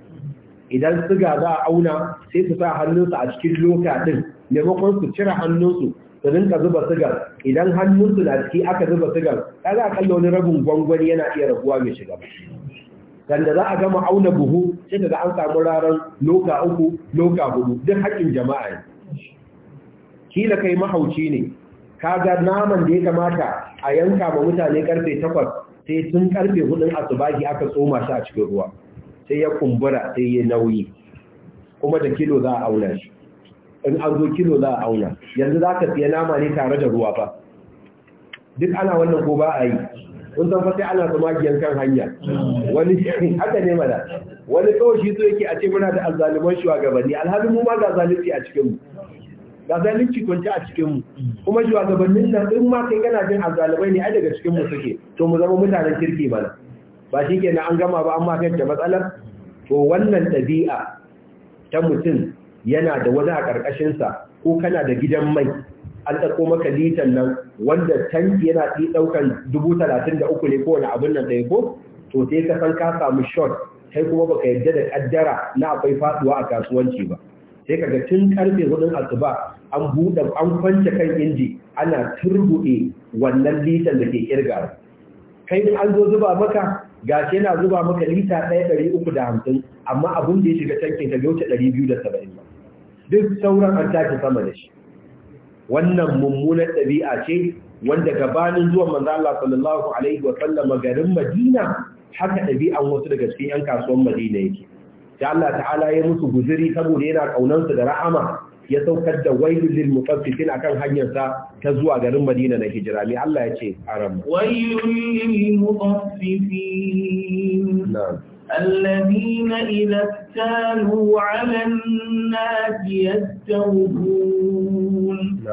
idan suga za a auna sai su sa hannunsu a cikin loka ɗin maimakon su cire hannunsu su rinka zuba sigar idan hannunsu na ciki aka zuba sigar ta za a kalla wani rabin gwangwani yana iya rabuwa mai shiga sanda za a gama auna buhu sai ga an samu raran loka uku loka hudu duk haƙƙin jama'a ne kila kai mahauci ne kaga naman da ya kamata a yanka ma mutane karfe takwas sai tun karfe hudun asubahi aka tsoma shi a cikin ruwa sai ya kumbura sai ya nauyi kuma da kilo za a auna shi in an zo kilo za a auna yanzu za ka siya nama ne tare da ruwa ba duk ana wannan ko ba a yi kun san fa sai ana tsumagiyan kan hanya wani (laughs) haka ne mana wani tsohon shi so yake a ce muna da azzaliman shugabanni Alhamdulillah mu ma ga zalunci a cikin mu ga zalunci kwanci a cikinmu kuma shugabannin nan in ma kai kana jin azalibai ne ai daga cikinmu suke to mu zama mutanen kirki mana ba shi ke na an gama ba an yadda matsalar to wannan ɗabi'a ta mutum yana da wani a ƙarƙashinsa ko kana da gidan mai an ɗauko maka litan nan wanda tanki yana ɗaukan dubu talatin da uku ne ko wani abin nan ɗaya ko to sai ka san ka samu shot kai kuma baka yarda da ƙaddara na akwai faɗuwa a kasuwanci ba sai kaga tun karfe hudun asuba an buɗe an kwance kan inji ana turbuɗe wannan litan da ke kirga kai an zo zuba maka ga shi yana zuba maka lita ɗaya ɗari uku da hamsin amma abun da ya shiga tankin ka ta ɗari biyu da saba'in ba duk sauran an tashi sama da shi wannan mummunar ɗabi'a ce wanda gabanin zuwan manzo Allah sallallahu alaihi wa sallam garin Madina haka ɗabi'an wasu daga cikin 'yan kasuwan Madina yake da Allah ta'ala ya musu guziri saboda yana kaunansu da rahama ya saukar da wailul lil mutaffifin akan hanyarsa ta zuwa garin Madina na hijira Me Allah ya ce aram wailul lil mutaffifin الذين إذا اكتالوا على الناس يستوفون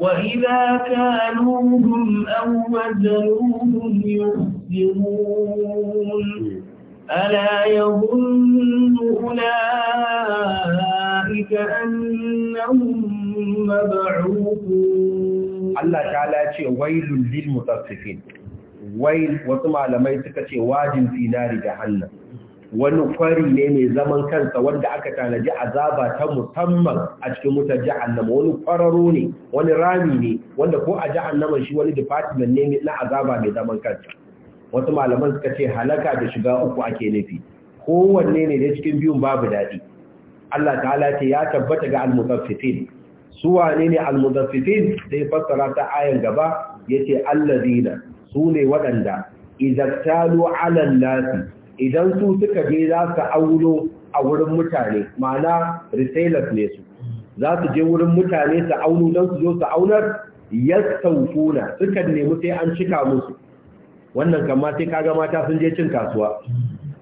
وإذا كالوهم أو وزنوهم يخسرون ألا يظن أولئك أنهم مبعوثون الله تعالى يقول ويل للمطففين ويل وطمع لما يتكتي واجن في نار جهنم wani kwari ne mai zaman kansa wanda aka tanaji azaba ta musamman a cikin wutar jahannama wani kwararo ne wani rami ne wanda ko a jahannaman shi wani department ne na azaba mai zaman kansa wasu malaman suka ce halaka da shiga uku ake nufi kowanne ne da cikin biyun babu daɗi Allah ta'ala ce ya tabbata ga al-mutaffifin su wane ne al-mutaffifin sai fassara ta ayan gaba yace allazina su ne waɗanda idan talu ala nasi idan su suka je za su aulo a wurin mutane ma'ana retailers ne su za su je wurin mutane su aulo don su zo su aunar yastaufuna sukan nemi sai an cika musu wannan kama sai kaga mata sun je cin kasuwa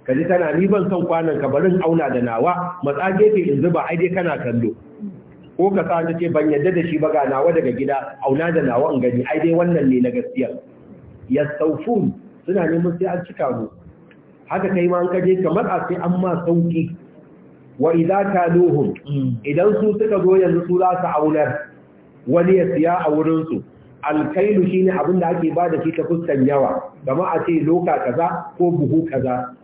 kaji tana ni ban son kwanan ka barin auna da nawa matsa gefe in zuba ai dai kana kallo ko ka sa ce ban yadda da shi ba ga nawa daga gida auna da nawa in gani ai dai wannan ne na gaskiya saufun suna neman sai an cika mu haka kai ma an kaje kamar a sai an ma sauki wa idza kaluhum mm. idan su suka zo yanzu su za su aunar wani ya siya a wurin su alkailu shine abin da ake ba da shi ta fuskan yawa gama a ce loka kaza ko buhu kaza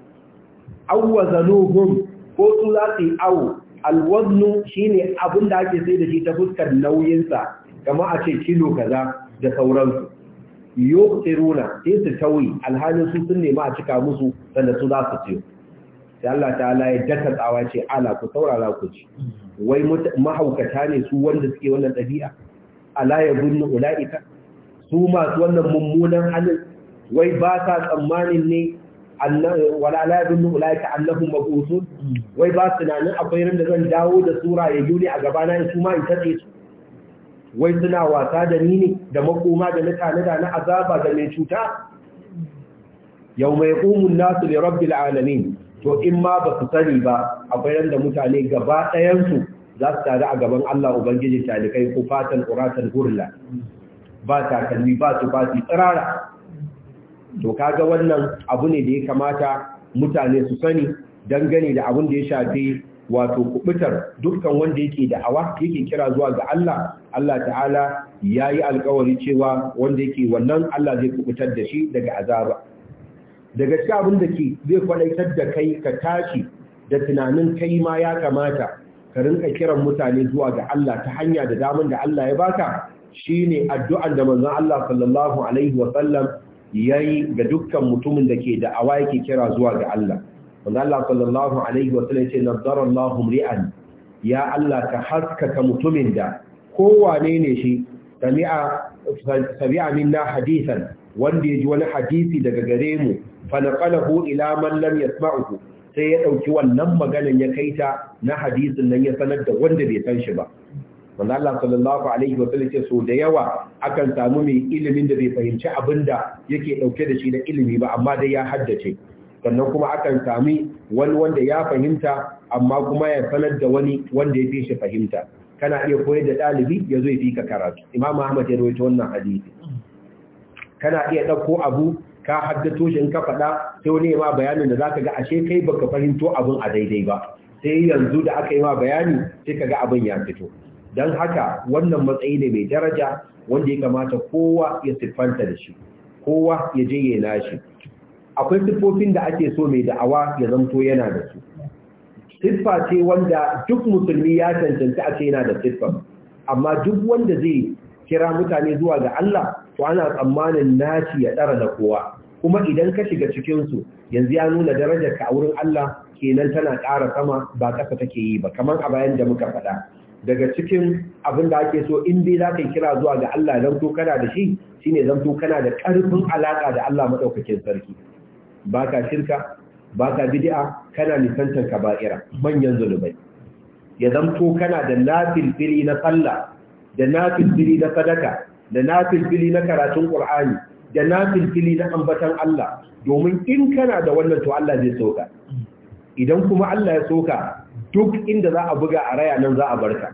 awwazanuhum ko su za su yi awo alwaznu shine abin da ake sai da shi ta fuskan nauyinsa gama a ce kilo kaza da sauransu yuqtiruna sai su tawi alhalin su sun nema a cika musu sanda su za su ciyo sai Allah ala ya daka tsawa ce ala ku saurara ku ci wai mahaukata ne su wanda suke wannan ɗabi'a ala ya gunnu ula'ika su masu wannan mummunan halin wai ba sa tsammanin ne wala Ala ya gunnu ula'ika annahum mabusu wai ba su tunanin akwai ran da zan dawo da sura ya yuni a gabana in su ma in tatse su wai suna wasa da ni ne da makoma da mutane da na azaba da mai cuta yau mai ƙumun nasu da rabbi alamin to in ma ba su sani ba akwai ran da mutane gaba ɗayansu za su tare a gaban Allah Ubangiji talikai ko fatan uratan hurla ba takalmi ba su fati tsirara to kaga wannan abu ne da ya kamata mutane su sani dangane da abin da ya shafi wato kubutar dukkan wanda yake da hawa yake kira zuwa ga Allah Allah ta'ala ya yi alkawari cewa wanda yake wannan Allah zai kubutar da shi daga azaba daga cikin abin da ke zai kwalaitar da kai ka tashi da tunanin kai ma ya kamata ka rinka kiran mutane zuwa ga Allah ta hanya da daman da Allah ya baka shine addu'an da manzon Allah sallallahu alaihi wa sallam yayi ga dukkan mutumin da ke da awa yake kira zuwa ga Allah manzon Allah sallallahu alaihi wa sallam ce nadarallahu li'an ya Allah ka haskaka mutumin da kowane ne shi sami'a sabi'a minna hadisan wanda ya ji wani hadisi daga gare mu fa naqalahu ila man lam yasma'uhu sai ya ɗauki wannan maganan ya kai ta na hadisin nan ya sanar da wanda bai san shi ba wanda Allah sallallahu alaihi wa sallam so da yawa akan samu mai ilimin da bai fahimci abin da yake ɗauke da shi da ilimi ba amma dai ya haddace sannan kuma akan sami wani wanda ya fahimta amma kuma ya sanar da wani wanda ya fi shi fahimta kana iya koyar da ɗalibi ya zo ya fi karatu imam ahmad ya rawaito wannan hadisi kana iya ɗauko abu ka haddato shi in ka faɗa sai wani ma bayanin da za ka ga ashe kai baka fahimto abin a daidai ba sai yanzu da aka yi ma bayani sai ka ga abin ya fito don haka wannan matsayi ne mai daraja wanda ya kamata kowa ya siffanta da shi kowa ya je ya nashi akwai siffofin da ake so mai da'awa ya zanto yana da su siffa ce wanda duk musulmi ya cancanta a ce yana da siffa amma duk wanda zai kira mutane zuwa ga Allah to ana tsammanin naci ya ɗara da kowa kuma idan ka shiga cikinsu yanzu ya nuna darajar ka a wurin Allah kenan tana ƙara sama ba ƙasa take yi ba kamar a bayan da muka faɗa daga cikin abin da ake so in dai za ka kira zuwa ga Allah to kana da shi shine to kana da ƙarfin alaƙa da Allah maɗaukakin sarki ba ka shirka ba ka bid'a kana nisantar kaba'ira manyan zulubai ya to kana da nafil na sallah da nafil na sadaka da nafilfili na karatun Qur'ani da nafilfili na ambatan Allah domin in kana da wannan to Allah zai soka idan kuma Allah ya soka duk inda za a buga a raya nan za a barka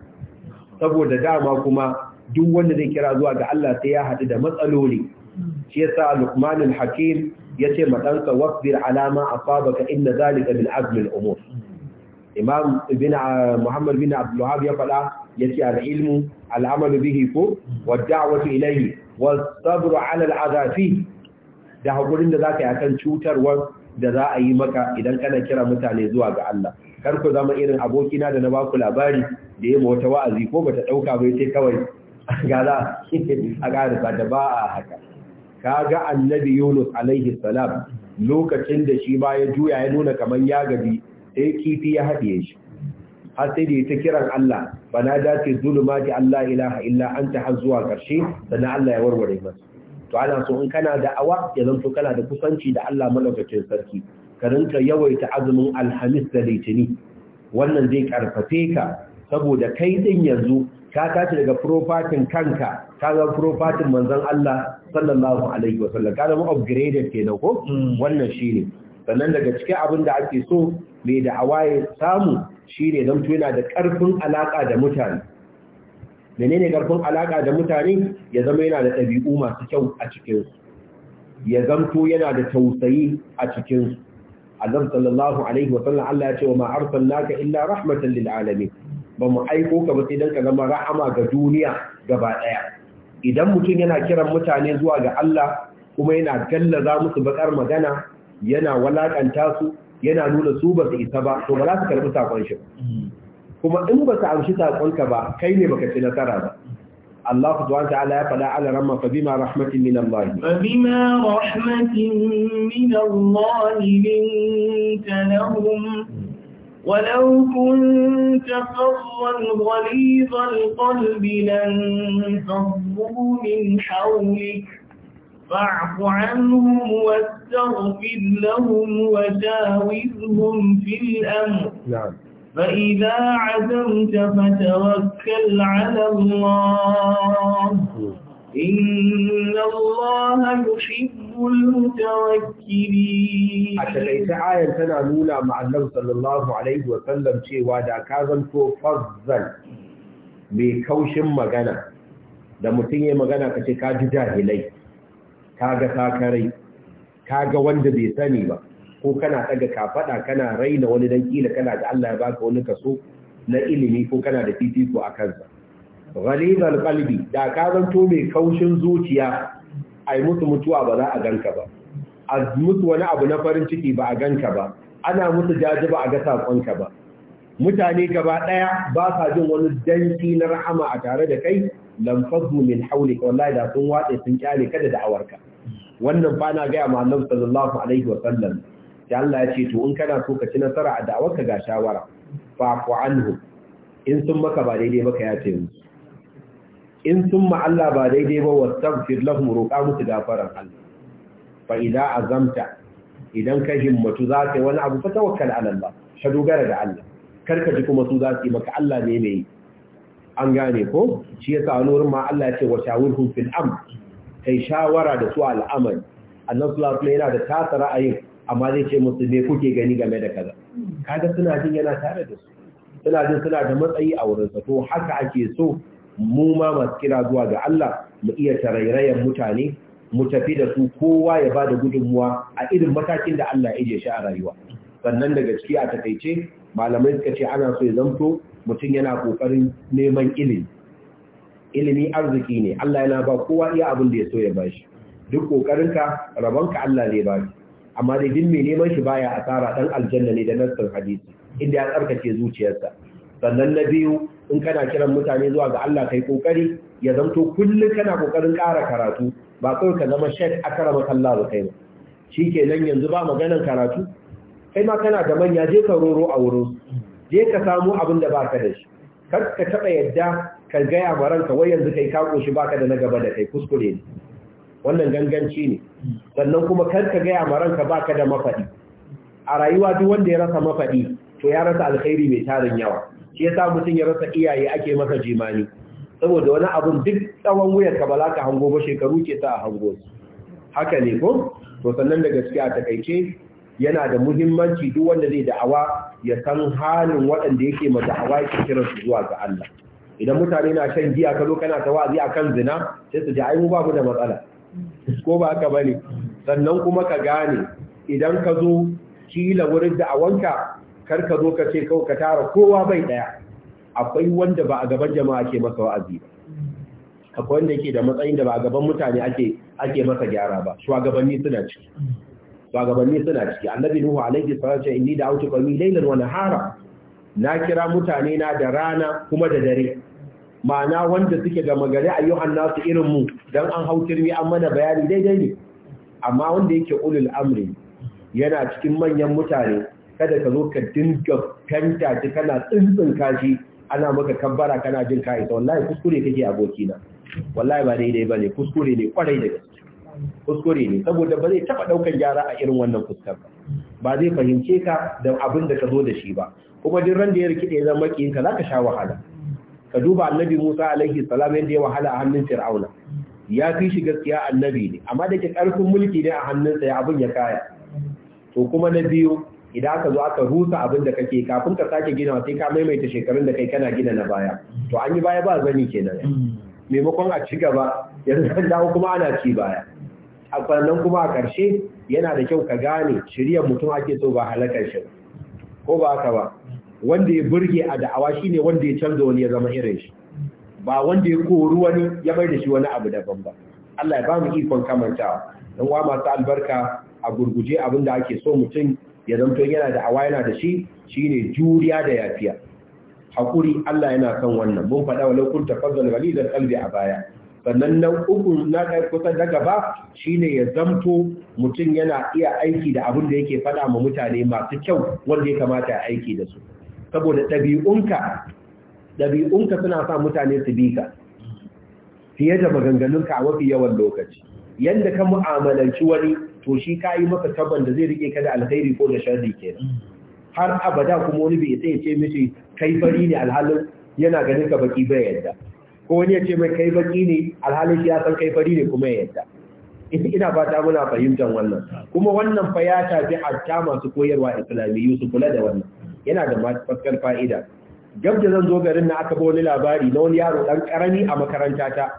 saboda dama kuma duk wanda zai kira zuwa ga Allah sai ya haɗu da matsaloli shi yasa Luqman al-Hakim yace matanka wasbir ala ma asabaka inna zalika min azmi umur Imam ah, Muhammad bin Abdul ya faɗa yace al-ilmu al-amalu bihi ko wa da'watu ilayhi wa sabru 'ala al-'adafi da hakurin da zaka yi kan cutarwar da za a yi maka idan kana kira mutane zuwa ga Allah kar ku zama irin abokina da na ba ku labari da yayi wata wa'azi ko bata dauka ba sai kawai ga za a ba da ba a haka kaga annabi Yunus alaihi salam lokacin da shi ba ya juya ya nuna kaman ya gabi sai kifi ya haɗiye shi har sai da kiran Allah bana dace zulumati Allah ilaha illa anta har zuwa karshe sannan Allah ya warware masa to ana so in kana da awa ya zanto kana da kusanci da Allah malaukakin sarki ka rinka yawaita azumin alhamis da litini wannan zai karfafe ka saboda kai din yanzu ka tashi daga profatin kanka ka ga profatin manzon Allah sallallahu alaihi sallam. ka zama upgraded kenan ko mm. wannan shine sannan daga cikin abin da ake so mai da ya samu shi ne zamto yana da ƙarfin alaƙa da mutane menene ƙarfin alaƙa da mutane ya zama yana da ɗabi'u masu kyau a cikinsu ya zamto yana da tausayi a cikinsu azam sallallahu alaihi wa Allah ya ce wa ma arsalnaka illa rahmatan lil alamin ba mu aiko ka ba sai dan ka zama rahama ga duniya gaba ɗaya. idan mutum yana kiran mutane zuwa ga Allah kuma yana gallaza musu baƙar magana yana walakanta su yana nuna zuba ba su isa ba to ba za su karbi saƙon shi kuma in ba su amshi saƙonka ba kai ne baka ci nasara ba Allah ku ya faɗa ala ramma fa bima rahmatin min Allah fa bima rahmatin min فاعف عنهم واستغفر لهم وجاوزهم في الأمر نعم. فإذا عزمت فتوكل على الله إن الله يحب المتوكلين عشان ليس آية تنا نولا مع النبي صلى الله عليه وسلم شيء وادا كاظم كو فضل بكوش مغانا da mutum ya magana kaga sakarai kaga wanda bai sani ba ko kana daga kafada kana raina wani dan kila kana da Allah ya baka wani kaso na ilimi ko kana da fifiko a kansa ghalibal qalbi da ka zanto mai kaushin zuciya ai mutu mutuwa ba za a ganka ba a mutu wani abu na farin ciki ba a ganka ba ana mutu jaji ba a ga sakonka ba mutane gaba daya ba sa jin wani danki na rahama a tare da kai lamfazu min haulika wallahi da sun watsa sun kyale kada da awarka wannan fa na gaya ma Allah sallallahu alaihi wa sallam sai Allah ya ce to in kana so ka ci nasara a da'awar ka ga shawara fa ku anhu in sun maka ba daidai maka ya yace musu in sun ma Allah ba daidai ba wastaghfir lahum roƙa musu gafaran Allah fa idza azamta idan ka himmatu za ka yi wani abu fa tawakkal ala Allah ka dogara da Allah karka ji kuma su za su yi maka Allah ne mai an gane ko shi yasa a nurin ma Allah ya ce wa shawirhum fil amr kai shawara da su al'amari annabi sallallahu alaihi yana da tasa ra'ayin amma zai ce musu me kuke gani game da kaza kaga suna jin yana tare da su suna jin suna da matsayi a wurin sa to haka ake so mu ma masu kira zuwa ga Allah mu iya tarairayen mutane mu tafi da su kowa ya ba da gudunmuwa a irin matakin da Allah ya je shi a rayuwa sannan daga ciki a takaice malamai suka ce ana so ya zamto mutum yana kokarin neman ilimi ilimi arziki ne Allah yana ba kowa iya abin da ya so ya bashi duk rabon ka Allah zai bashi amma dai din mai neman shi baya asara dan aljanna ne da nassin hadisi inda ya tsarkake zuciyarsa sannan na biyu in kana kiran mutane zuwa ga Allah kai kokari ya zanto kullum kana kokarin ƙara karatu ba kawai ka zama shek akara karama Allah ba kai ba shikenan yanzu ba maganar karatu kai ma kana da manya je ka roro a wurin je ka samu abin da baka da shi kar ka taɓa yadda ka gaya ma ranka wai yanzu kai ka koshi baka da na gaba da kai kuskure ne wannan ganganci ne sannan kuma kar ka gaya ma ranka baka da mafaɗi a rayuwa duk wanda ya rasa mafaɗi to ya rasa alkhairi mai tarin yawa shi yasa mutum ya rasa iyaye ake masa jimani saboda wani abun duk tsawon wuyar ka ba ka hango ba shekaru ke sa a hango haka ne ko to sannan da gaskiya a takaice yana da muhimmanci duk wanda zai da'awa ya san halin waɗanda yake ma da'awa yake kira su zuwa ga Allah idan mutane na shan giya ka zo kana ta wa'azi akan zina sai su ji ai mu ba mu da matsala ko ba haka bane sannan kuma ka gane idan ka zo kila wurin da'awanka kar ka zo ka ce kawai ka tara kowa bai daya akwai wanda ba a gaban jama'a ke masa wa'azi ba akwai wanda yake da matsayin da ba a gaban mutane ake ake masa gyara ba shugabanni suna ciki shugabanni suna ciki annabi nuhu alaihi salatu inni da'awtu qawmi laylan wa nahara na kira mutane na da rana kuma da dare ma'ana wanda suke ga magari ayyuhan Annasu irin mu dan an mi an mana bayani daidai ne amma wanda yake ulul amri yana cikin manyan mutane kada ka zo ka dinga kanta ta kana tsintsin kashi ana maka kabbara kana jin kai to wallahi kuskure kake abokina wallahi ba daidai bane kuskure ne kwarai da gaske kuskure ne saboda ba zai taba daukan gyara a irin wannan fuskar ba ba zai fahimce ka da abin da ka zo da shi ba kuma duk ran da ya rikide zan zama ka zaka sha wahala ka duba annabi Musa alaihi salam yadda ya wahala a hannun Fir'auna ya fi shi gaskiya annabi ne amma da ke karfin mulki ne a hannunsa ya abin ya kaya to kuma na biyu idan aka zo aka rusa abin da kake kafin ka sake gina sai ka maimaita shekarun da kai kana gina na baya to an yi baya ba zani kenan mm. maimakon a ci gaba yanzu an dawo kuma ana ci baya a kwanan kuma a ƙarshe yana da kyau ka gane shirya mutum ake so ba halakar shi ko ba haka ba wanda ya burge a da'awa shine wanda ya canza wani ya zama irin shi ba wanda ya koru wani ya bai da shi wani abu daban ba Allah ya ba mu ikon kamantawa don wa masu albarka a gurguje abin da ake so mutum ya zanto yana da awa yana da shi shi ne juriya da yafiya Haƙuri Allah yana son wannan mun faɗa wa lokun tafazzal walidar qalbi a baya sannan nan uku na kusan na gaba shine ya zamto mutum yana iya aiki da abin da yake faɗa ma mutane masu kyau wanda ya kamata ya aiki da su saboda ɗabi'unka ɗabi'unka suna sa mutane su bi ka fiye da maganganunka a mafi yawan lokaci yadda ka mu'amalanci wani to shi ka yi maka tabban da zai rike ka da alkhairi ko da sharri ke har abada kuma wani bai sai ce mishi kai fari ne alhalin yana ganin ka baki bai yadda ko wani ya ce mai kai baki ne alhali shi ya san kai fari ne kuma ya yadda ina fata muna fahimtar wannan kuma wannan fa ya tafi hatta masu koyarwa islami su kula da wannan yana da matuƙar fa'ida gab da zan zo garin na aka ba wani labari na wani yaro dan karami a makaranta ta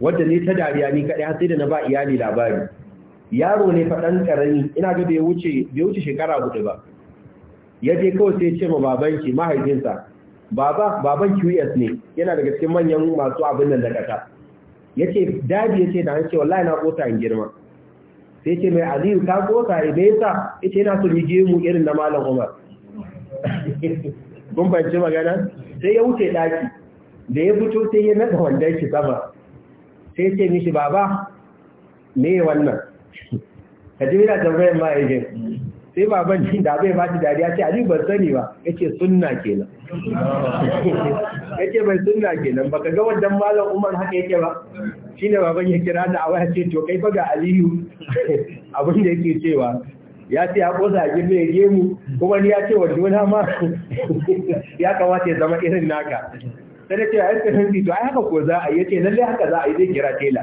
wanda ne ta dariya ni kaɗai, har sai da na ba iyali labari yaro ne fa dan karami ina ga bai wuce bai wuce shekara hudu ba ya je kawai sai ya ce ma babanki mahaifinsa baba baban QS ne yana daga cikin manyan masu abin nan da ta yace dadi yace da an ce wallahi na kota in girma sai ce mai Aliyu ka kota ibe yasa yace na so yige mu irin na malam Umar kun banci magana sai ya wuce daki da ya fito sai ya naga wanda yake sama sai ce mishi baba me wannan kaji mira yana tambayar ma'aikin sai baban shi da bai bashi dariya ce ali ban sani ba yace sunna kenan (laughs) yace bai sunna kenan baka ga wannan malam Umar haka yake ba shine baban ya kira da awaya ce to kai fa ga Aliyu (laughs) abin da yake cewa ya ce ya kosa a girbe ya gemu kuma ni ya ce wa juna ma (laughs) ya kamata ya zama irin naka sai ce a iska sarki to ai haka ko za a yi yace lalle haka za a yi zai kira tela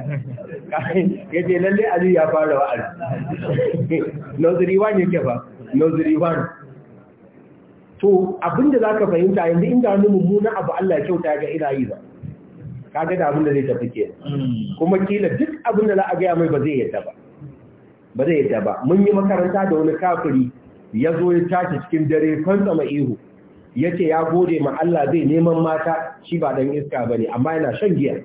yace lalle ali ya fara wa'azi nozuri wan yake ba nozuri wan to abinda ka fahimta yanzu inda wani mummuna abu Allah ya kyauta ga ina yi ba kaga da abinda zai tafi ke hmm. kuma kila duk abinda za a gaya mai ba zai yadda ba ba zai yadda ba mun yi makaranta da wani kafiri ya zo ya tashi cikin dare kan ihu Yace ya gode ma Allah zai neman mata shi ba dan iska bane amma yana shan giya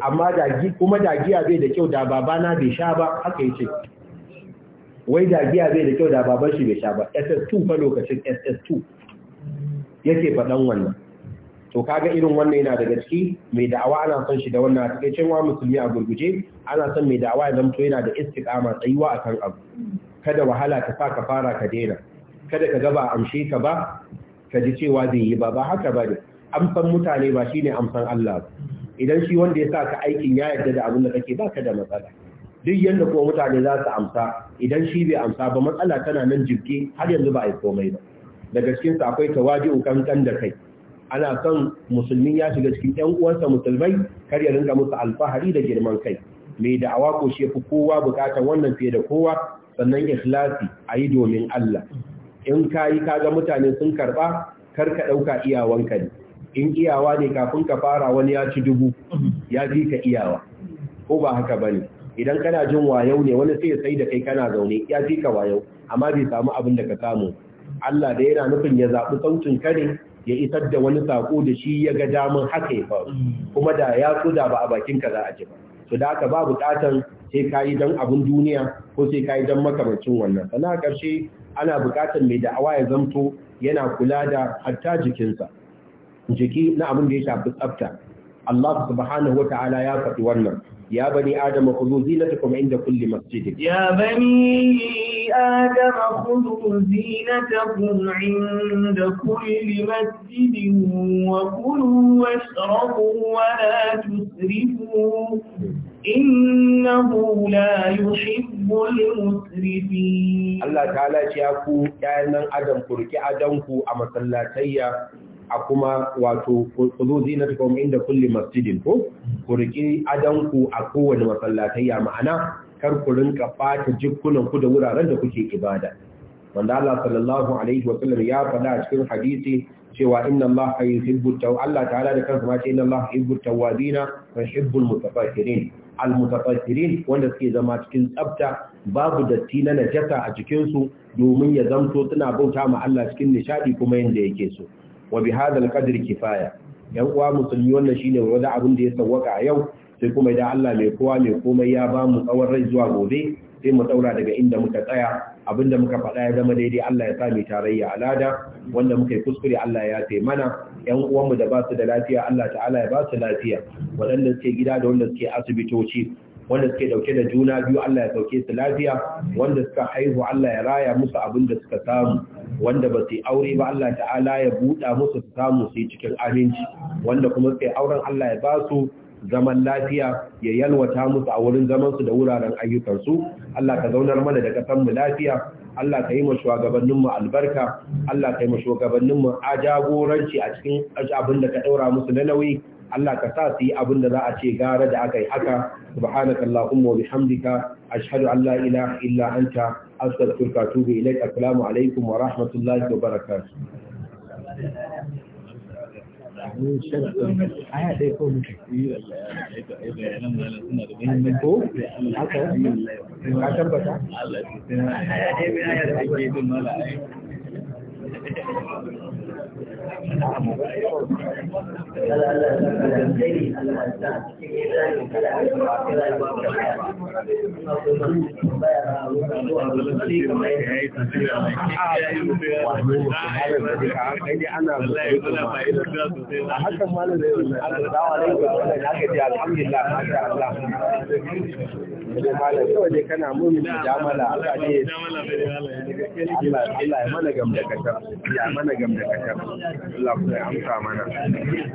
amma kuma da giya bai da kyau da babana bai sha ba haka ya ce wai da giya bai da kyau da baban shi bai sha ba ss2 fa lokacin ss2 yake faɗan wannan to kaga irin wannan yana daga ciki mai da'awa ana son shi da wannan a cikin wa musulmi a gurguje ana son mai da'awa ya zamto yana da istiqama tsayuwa akan abu kada wahala ta sa ka fara ka daina kada ka gaba amshe ka ba ka ji cewa zai yi ba ba haka ba ne amsan mutane ba shine amsan Allah idan shi wanda ya sa ka aikin ya yarda da abin da kake ba ka da matsala duk yanda kuma mutane za su amsa idan shi bai amsa ba matsala tana nan jirgi har yanzu ba a yi komai ba daga cikin sa akwai tawadi'u kankan da kai ana son musulmi ya shiga cikin ƴan uwansa musulmai kar ya rinka musu alfahari da girman kai mai da'awa ko shefu kowa bukatar wannan fiye da kowa sannan ikhlasi a yi domin Allah in ka yi kaga mutane sun karba kar ka ɗauka ka ne in iyawa ne kafin ka fara wani ya ci dubu ya fi ka iyawa ko ba haka bane idan kana jin wayau ne wani sai ya sai da kai kana zaune ya fi ka wayau amma bai samu abin da ka samu Allah da yana nufin ya zabi sautin kare ya isar da wani sako da shi ya ga damun haka ya faru kuma da ya da ba a bakin ka za a ji ba to da haka ba bukatan sai ka yi don abin duniya ko sai ka yi don makamancin wannan sana karshe ana buƙatar mai da'awa ya zamto yana kula da hatta jikinsa jiki na abin da ya shafi tsafta Allah subhanahu wata'ala ya faɗi wannan ya bani adama khudhu zinatakum inda kulli masjid ya bani adama khudhu zinatakum inda kulli masjid wa kulu washrabu wa la tusrifu innahu la yuhibbul musrifin Allah ta'ala ce ya ku ƴaƴan adam ku riki adanku a masallatayya a kuma wato kuzo zinatukum da kulli masjidin ko ku riki adanku a kowane masallatayya ma'ana kar ku rinka ɓata jikunan ku da wuraren da kuke ibada wanda sallallahu alaihi wa sallam ya faɗa a cikin hadisi cewa inna Allah yuhibbu taw Allah ta'ala da kansa ma ce inna Allah yuhibbu tawwabina wa yuhibbu almutatahhirin almutatahhirin wanda suke zama cikin tsabta babu datti na najasa a cikin domin ya zanto suna bauta ma Allah cikin nishadi kuma yanda yake so wa bi hadha alqadri kifaya yan uwa musulmi wannan shine wanda abin da ya sawwaka a yau sai kuma idan Allah mai kowa mai komai ya ba mu tsawon rai zuwa gobe sai mu daura daga inda muka tsaya abinda muka faɗa ya zama daidai Allah ya sa mu tarayya alada wanda muka yi kuskure Allah ya sai mana ƴan uwanmu da ba su da lafiya Allah ta'ala ya ba su lafiya waɗanda suke gida da wanda suke asibitoci wanda suke dauke da juna biyu Allah ya sauke su lafiya wanda suka haihu Allah ya raya musu abin da suka samu wanda ba su aure ba Allah ta'ala ya buɗa musu su samu su yi cikin aminci wanda kuma suke auren Allah ya ba su zaman lafiya ya yalwata musu a wurin zamansu da wuraren ayyukansu Allah ka zaunar mana da ƙasarmu lafiya Allah ka yi ma shugabanninmu albarka Allah ka yi ma shugabanninmu a jagoranci a cikin abin da ka ɗaura musu na nauyi Allah ka sa su yi abin da za a ce gara da aka yi haka subhanaka allahumma wa bihamdika ashhadu an la ilaha illa anta astaghfiruka wa atubu ilaik assalamu alaikum wa rahmatullahi wa barakatuh abu shakkan aya ɗaya ko mutu yi bayanan malam suna da muhimmanci ko haka ka tabbata aya ɗaya aya da ake yi din malam Allah Allah ya yau da alheri Allah ya sa cikin mizani kada a yi kada ya ba mu baya baya ko a lokaci kamar yadda ya tafiya a hakan malam da yau Allah alaikum wannan haka ji alhamdulillah masha Allah sai malam kawai dai kana mun mujamala Allah ne Allah ya mana da kasar ya mana gamda kasar Allah ya amsa mana